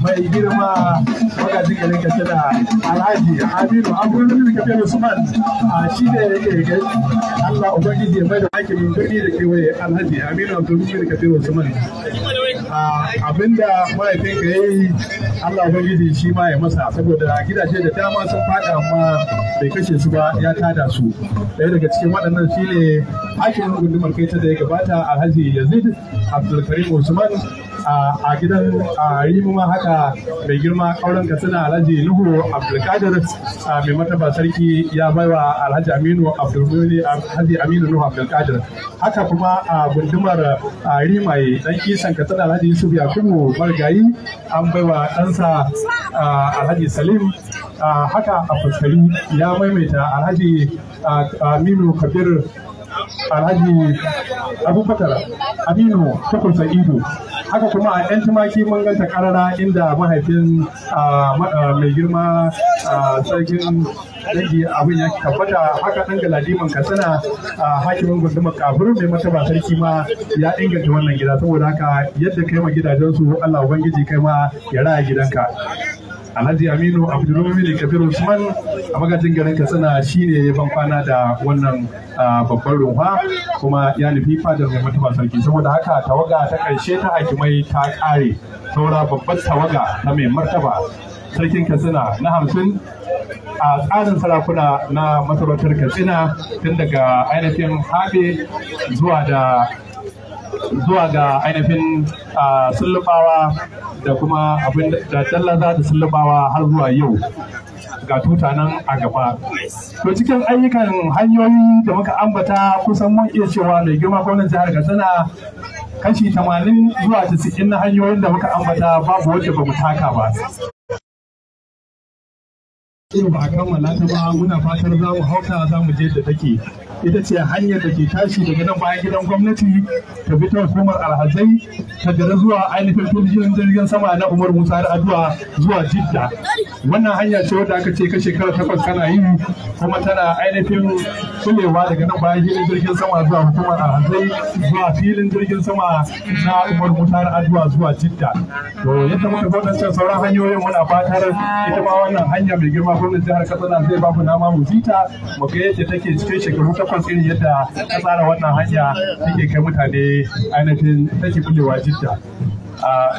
mai girma magajin garin katsina alhaji aminu abdullahi kabir usman shi ne yake allah ubangiji ya bai da hakimin birni da kewaye alhaji aminu abdullahi kabir usman mình Ah, abinda mahaifinka ya yi Allah gidi shi ma ya masa saboda gidaje da dama sun fada amma bai kashe su ba ya tada su daya daga cikin waɗannan shi ne gundumar kai ta da ya gabata alhaji yazid abdulkarim usman ah, a gidan yi ma haka mai girma kauran katsina alhaji nuhu abdulkadir ah, mai mataba sarki ya baiwa alhaji aminu abdulmuni alhaji aminu nuhu abdulkadir haka kuma a gundumar rimaye dan kisan katsina alhaji yusuf yakubu marigayi an baiwa ɗansa alhaji salim haka a fuskari ya maimaita alhaji aminu kabir alhaji abubakar aminu tukur sa'idu haka kuma a yan tumaki mun ganta karara inda mahaifin mai girma sarkin dangi abin ya tabbata haka ɗan galadiman katsina a hakimin gundumar kafir mai mataba sarki ma ya inganta wannan gida saboda haka yadda kai ma gidajensu allah ubangiji kai ma ya raya gidanka alhaji aminu abdulmumin kabir usman a magajin garin katsina shine ya ban kwana da wannan babban ruwa kuma ya nufi fadar mai mutuwa sarki saboda haka tawaga ta karshe ta hakimai ta kare saura babbar tawaga ta mai martaba sarkin katsina na hamsin a tsarin sarakuna na masarautar katsina tun daga ainihin habe zuwa da zuwa ga ainihin sullubawa da kuma abin da za ta sullubawa har zuwa yau ga tuta nan a gaba. To cikin ayyukan hanyoyi da muka ambata kusan mun iya cewa mai girma gwamnan jihar Katsina kashi tamanin zuwa 90 na hanyoyin da muka ambata babu wacce ba mu taka ba. in ba a kammala ta ba muna fatar za mu hauta za mu je da take ita ce hanyar da ke tashi daga nan bayan gidan gwamnati ta bi ta hukumar alhazai ta gara zuwa ainihin turjin jirgin sama na umar musa da addu'a zuwa jidda wannan hanya ce wadda aka ce ka shekara takwas kana yi kuma tana ainihin kulewa daga nan bayan gidan jirgin sama zuwa hukumar alhazai zuwa filin jirgin sama na umar musa da addu'a zuwa jidda to yadda muka gwamnatin sauran hanyoyin muna fatar ita ma wannan hanya mai girma gwamnatin jihar katsina zai ba mu nama mu jita mu ga yadda take cikin shekaru takwas takwas irin yadda ta tsara wannan hanya take kai mutane ainihin take kullewa jidda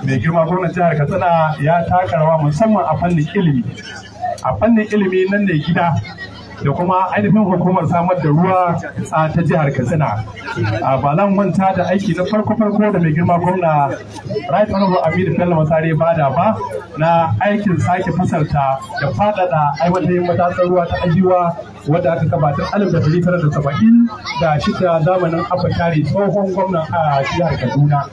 mai girma gwamnan jihar katsina ya taka rawa musamman a fannin ilimi a fannin ilimi nan ne gida da kuma ainihin hukumar samar da ruwa ta jihar katsina A balan manta da aiki na farko-farko da mai girma gwamna right honorable aminu bello masare bada ba na aikin sake fasalta da faɗaɗa aiwatar matatsar ruwa ta ajiwa wadda aka gabatar alif da dari tara da saba'in da shida zamanin abakari tsohon gwamnan a jihar kaduna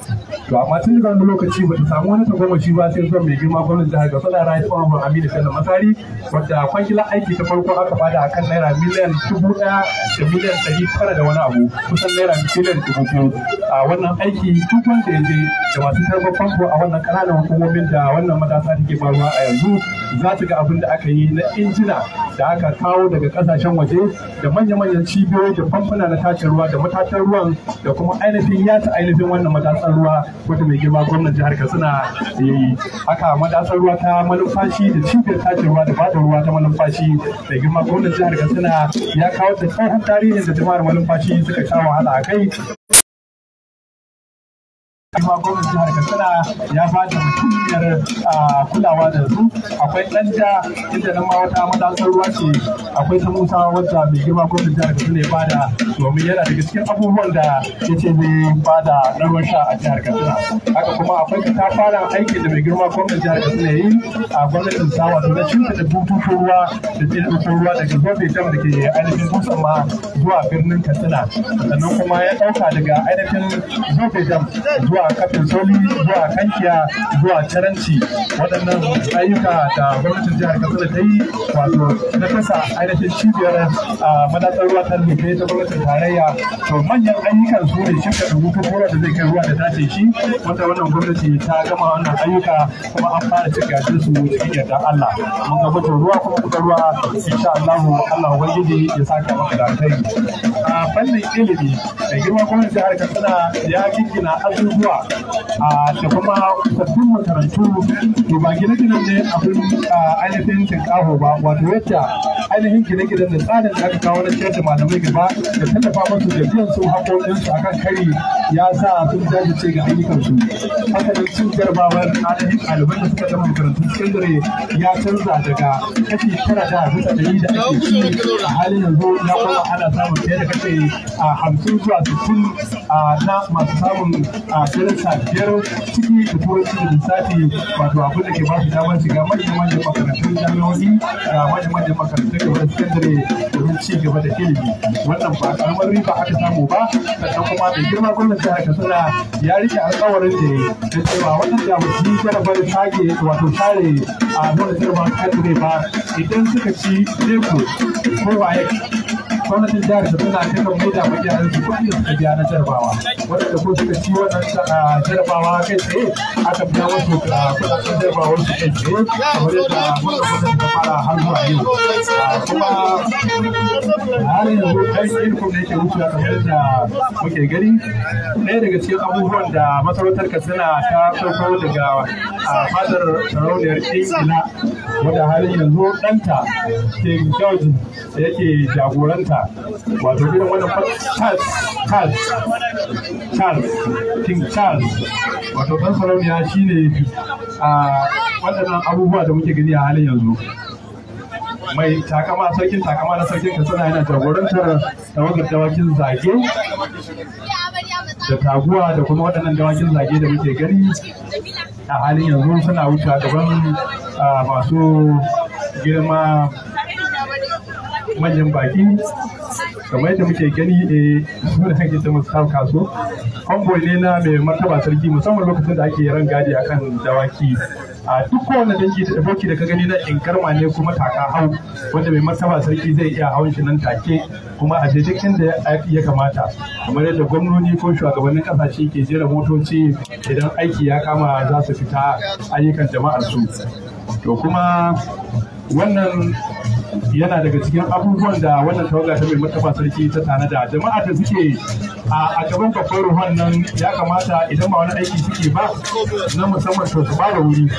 to amma tun da wani lokaci ba ta samu wani tagomashi ba sai zuwa mai girma gwamnan jihar katsina right honorable aminu bello masari wadda kwakila aiki ta farko aka bada a akan naira miliyan dubu ɗaya da miliyan dari tara da wani abu kusan naira miliyan dubu biyu a wannan aiki tukun da ya da masu karɓar famfo a wannan kananan hukumomin da wannan matasa take faruwa a yanzu za ta ga abin da aka yi na injina da aka kawo daga kasashen waje da manya-manyan cibiyoyi da famfuna na tace ruwa da matatan ruwan da kuma ainihin ya ta ainihin wannan matasan ruwa wata mai girma gwamnan jihar katsina da ya yi haka matasan ruwa ta manufashi da cibiyar tace ruwa da bada ruwa ta manufashi da girma gwamnan jihar jihar katsina ya kawo ta tsohon tarihin da jama'ar malumfashi suka sha wahala a kai kuma gwamnati jihar katsina ya ba da mutumiyar ah, kulawa da su akwai danja inda nan ma wata madatsar ruwa ce akwai ta musa wadda mai girma gwamnati jihar katsina ya bada domin yana daga cikin abubuwan da ya ce zai bada na ruwan sha a jihar katsina haka kuma akwai ta fara aiki da mai girma gwamnati jihar katsina ya yi a gwamnatin sawa, wato na da bututun ruwa da zai ruwa daga zobe dam da ke ainihin dutsen ma zuwa birnin katsina sannan kuma ya ɗauka daga ainihin zobe dam zuwa kafin zoli zuwa kankiya zuwa caranci waɗannan ayyuka da gwamnatin jihar katsina ta yi wato na kasa ainihin cibiyar madatsar ruwa ta rufe ta gwamnatin tarayya to manyan ayyukan su ne shirka rubutun ruwa da zai kai ruwa da tace shi wanda wannan gwamnati ta gama wannan ayyuka kuma an fara cika gashin su cikin yadda Allah mun ga mutum ruwa kuma kuka ruwa insha Allah Allah ubangiji ya saka maka da alheri a fannin ilimi da girma gwamnati jihar katsina ya gina abubuwa a ah, da kuma sabbin makarantu to ba gine-ginen ne abin ah, ainihin tinkaho ba wato yadda ainihin gine-ginen da tsarin da aka kawo na cewa da malamai gaba da tallafa musu da biyan su su akan kari ya sa sun ce ga ayyukansu hakanan cin jarabawar ainihin ɗaliban da suka zama makarantun sakandare ya canza daga kashi tara da bisa ɗari da ake ci a halin yanzu na kuma ana samun fiye da a ah, hamsin zuwa sittin na masu samun darasa biyar ciki da turanci da lissafi wato abin da ke ba su damar shiga manya-manyan makarantun jami'o'i da manya-manyan makarantun gaba sakandare domin ci gaba da ilimi wannan ba karamar riba aka samu ba sannan kuma mai girma gwamnati jihar katsina ya rike alkawarin da ya da cewa wannan jami'ai jarabar tage wato tare a nuna jarabar kadire ba idan suka ci leko ko waye gwamnatin jihar Katsina ta kan maida wa yaran su kuɗi su biya na jarabawa wanda ko suka ci wannan ah, jarabawa kai tsaye aka biya wasu ah, kuɗaɗen jarabawar su kai tsaye kamar yadda wanda ta fara har zuwa yau ah, kuma har yanzu kai tsaye kuma da yake kamar yadda muke gani ɗaya daga cikin abubuwan da masarautar Katsina ta farko daga fadar sarauniyar Ingila wadda halin yanzu ɗanta ke George da yake jagoranta masa wato irin wannan Charles Charles Charles King Charles wato dan sarauniya shi ne a waɗannan abubuwa da muke gani a halin yanzu mai takama sarkin takama na sarkin suna yana jagorantar tawagar dawakin zage da taguwa da kuma waɗannan dawakin zage da muke gani a halin yanzu suna wuce gaban masu girma manyan baki kamar yadda muke gani a eh, su da ta ce kaso konvoy ne na mai martaba sarki musamman lokacin da ake ran gadi kan dawaki a duk kowane dangi da boki da ka gani na inkarma ne kuma taka hau wanda mai martaba sarki zai iya hawan shi nan take kuma a daidaikin da ya kamata kamar yadda gwamnoni ko shugabannin kasashe ke jera motoci idan aiki ya kama za su fita ayyukan jama'ar su to kuma wannan yana daga cikin abubuwan da wannan tawaga ta mai mutafa sarki ta tanada jama'a da suke a gaban babban ruwan nan ya kamata idan ba wani aiki suke ba na musamman to su ba da wuri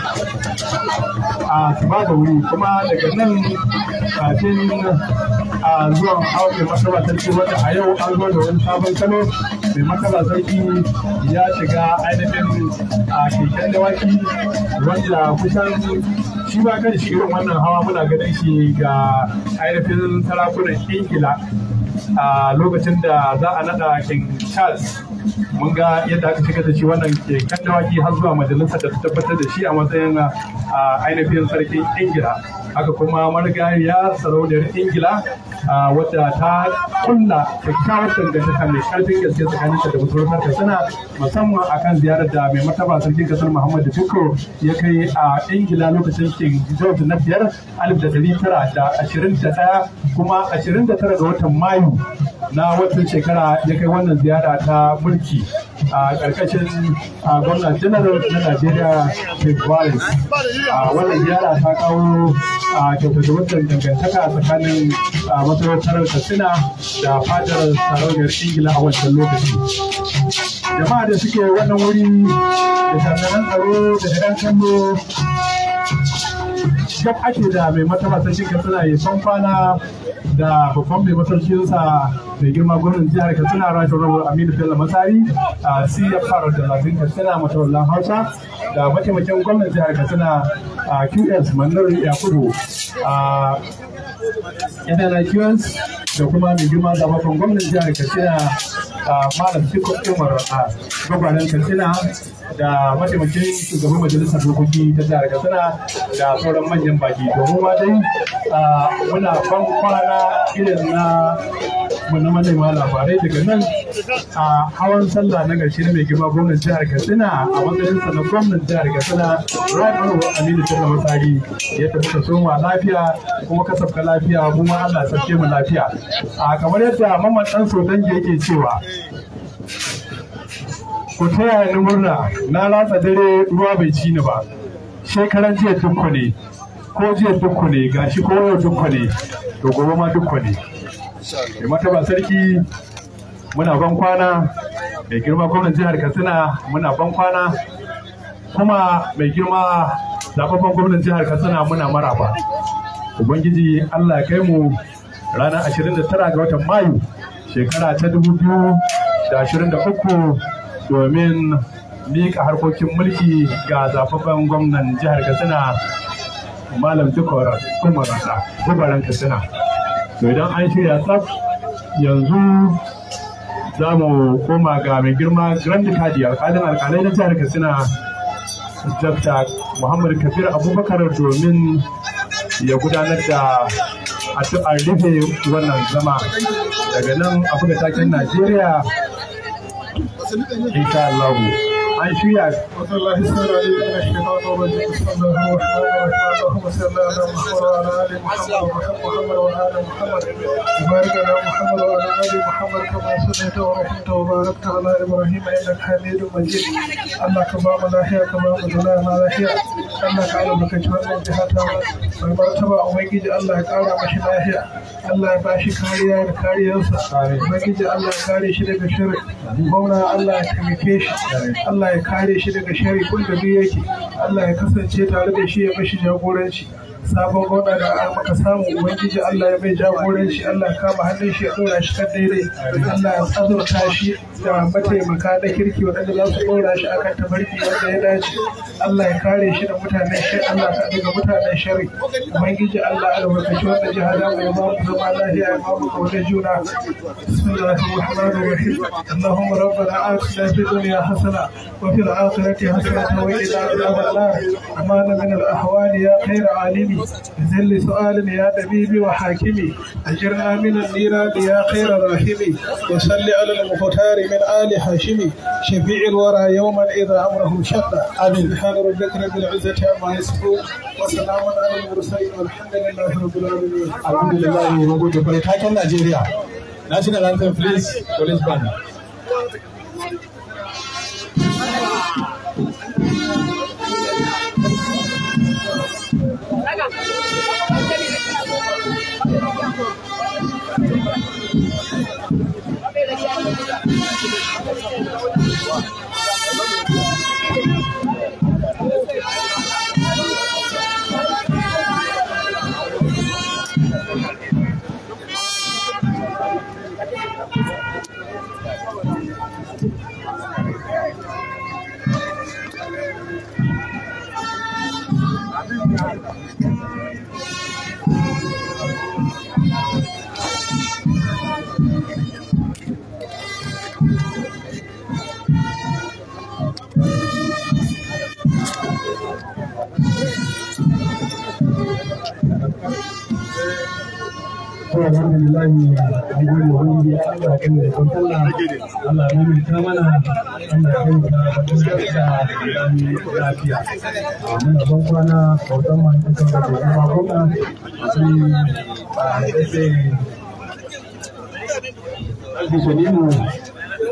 a su ba da wuri kuma daga nan kafin a zuwan hawa mai sarki wanda a yau an zo da wani sabon kano mai martaba sarki ya shiga ainihin a keken dawaki wanda kusan shi ba kan shi irin wannan hawa muna ganin shi ga ainihin sarakunan ingila a lokacin da za a nada king charles mun ga yadda aka shiga da shi wannan ke kan dawaki har zuwa majalisa da ta tabbatar da shi a matsayin ainihin sarkin ingila haka kuma marigayar sarauniyar ingila wadda ta kulla kyakkyawar dangantaka mai karfin gaske tsakaninta da masarautar katsina musamman akan ziyarar da mai martaba sarkin kasar muhammad da ya kai a ingila lokacin king george na biyar alif da dari tara da ashirin da ɗaya kuma ashirin da tara ga watan mayu na watan shekara ya kai wannan ziyara ta mulki a ƙarƙashin gwamnan general na najeriya chief wallace wannan ziyara ta kawo a kyautatuwar dangantaka tsakanin masarautar katsina da fadar sarauniyar ingila a wancan lokaci jama'a da suke wannan wuri da jami'an tsaro da ɗan kallo duk ake da mai mataba sarkin katsina ya san kwana da babban mai masarkinsa mai girma gwamnan jihar katsina rashin rabu aminu bello masari a cfr da lafin katsina matawallan hausa da mataimakin gwamnan jihar katsina a qs manar yakubu a yanayi qs da kuma mai girma mafan gwamnan jihar katsina a malam sikon umar a gwagwanin katsina da mataimakin shugaban majalisar dokoki ta jihar katsina da sauran manyan baki domin ma dai muna ban kwana irin na mu na manema labarai daga nan a hawan sallah na gashi mai girma gwamnan jihar Katsina a matsayinsa na gwamnan jihar Katsina Rabi'u Aminu Bello Masari ya tafi ka soma lafiya kuma ka sabka lafiya kuma Allah sabke mu lafiya a kamar yadda mamman dan so dangi yake cewa ku taya ni murna na latsa dare ruwa bai ci ni ba shekaran jiya dukku ne ko jiya dukku ne gashi ko yau dukku ne to gobe ma dukku ne da mataba sarki muna ban kwana mai girma gwamnan jihar katsina muna ban kwana kuma mai girma zababban gwamnan jihar katsina muna maraba ubangiji allah ya kai mu ranar 29 ga watan mayu shekara ta 2023 domin mika harkokin mulki ga zafafan gwamnan jihar katsina malam dukkan gubaran katsina to idan an shirya tsaf yanzu za mu koma ga mai girma grand kadi alkalin alkalai na jihar katsina dr muhammad kafir abubakar domin ya gudanar da a rufe wannan zama daga nan afirka takin najeriya insha allahu عن شيعك وصلى الله السلام عليك من الشيطان الرجيم بسم الله الرحمن الرحيم اللهم صل على محمد وعلى ال محمد محمد وعلى ال محمد وبارك على محمد وعلى ال محمد كما صليت ورحمت وباركت على ابراهيم انك حميد مجيد انك باب لاهيا كما بدلا ما لاهيا انك على بك جهنم جهتا mai martaba ubangiji Allah ya kara mashi lafiya Allah ya bashi kariya da kariyarsa ubangiji Allah ya kare shi daga shirin gwamna Allah ya taimake shi Allah Allah ya kare shi daga sharri kun da duk yake Allah ya kasance tare da shi ya mashi jagoranci sabon gona da muka samu ubangiji Allah ya mai jagoran shi Allah kama hannun shi ya dora shi kan daidai Allah ya azurta shi da mataimaka na kirki wadanda za su dora shi akan tabarki wanda ya dace Allah ya kare shi da mutanen shi Allah ta daga mutanen shari ubangiji Allah albarkaci wanda jiha da mu ba mu zama lafiya ya ba mu kaunar juna bismillahir rahmanir rahim اللهم ربنا آتنا في الدنيا حسنة وفي الآخرة حسنة وقنا عذاب أمان من الأحوال يا خير عالمي ذل سؤال يا دبيبي وحاكمي أجرنا من النيران يا خير راحمي وصل على المختار من آل حاشمي شفيع الورى يوما إذا أمره شق آمين سبحان ربك رب العزة عما يصفون وسلام على المرسلين والحمد لله رب العالمين الحمد لله وجود بركاته نيجيريا National anthem, please, police banner. Thank you. to alhamdulillah an gode wa wani ya Allah kan da kan Allah Allah ya mai ta mana Allah ya kai ta fuskar da lafiya muna ban kwana bautan man ta kan da kuma kuma sai a sai Alhaji Shalimu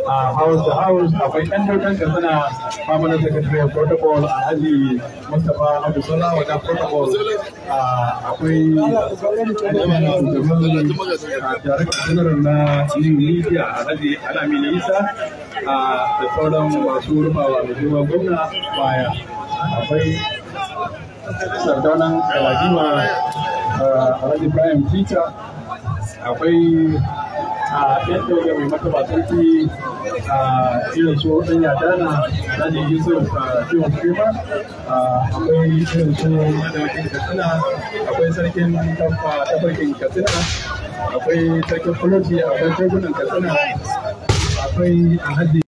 a house da house akwai ɗan dokan ka suna permanent secretary of protocol alhaji mustapha abu sala wata protocol akwai general na yin media alhaji alamini isa da sauran masu rufawa da girma gwamna baya akwai sardaunan alhaji teacher akwai a yadda wajen mai martaba sarki a irin su ɗan yada na alhaji yusuf ciwon kuma akwai irin su sarkin katsina akwai sarkin tamfa tafarkin katsina akwai sarkin fuloti akwai sarkunan katsina akwai alhaji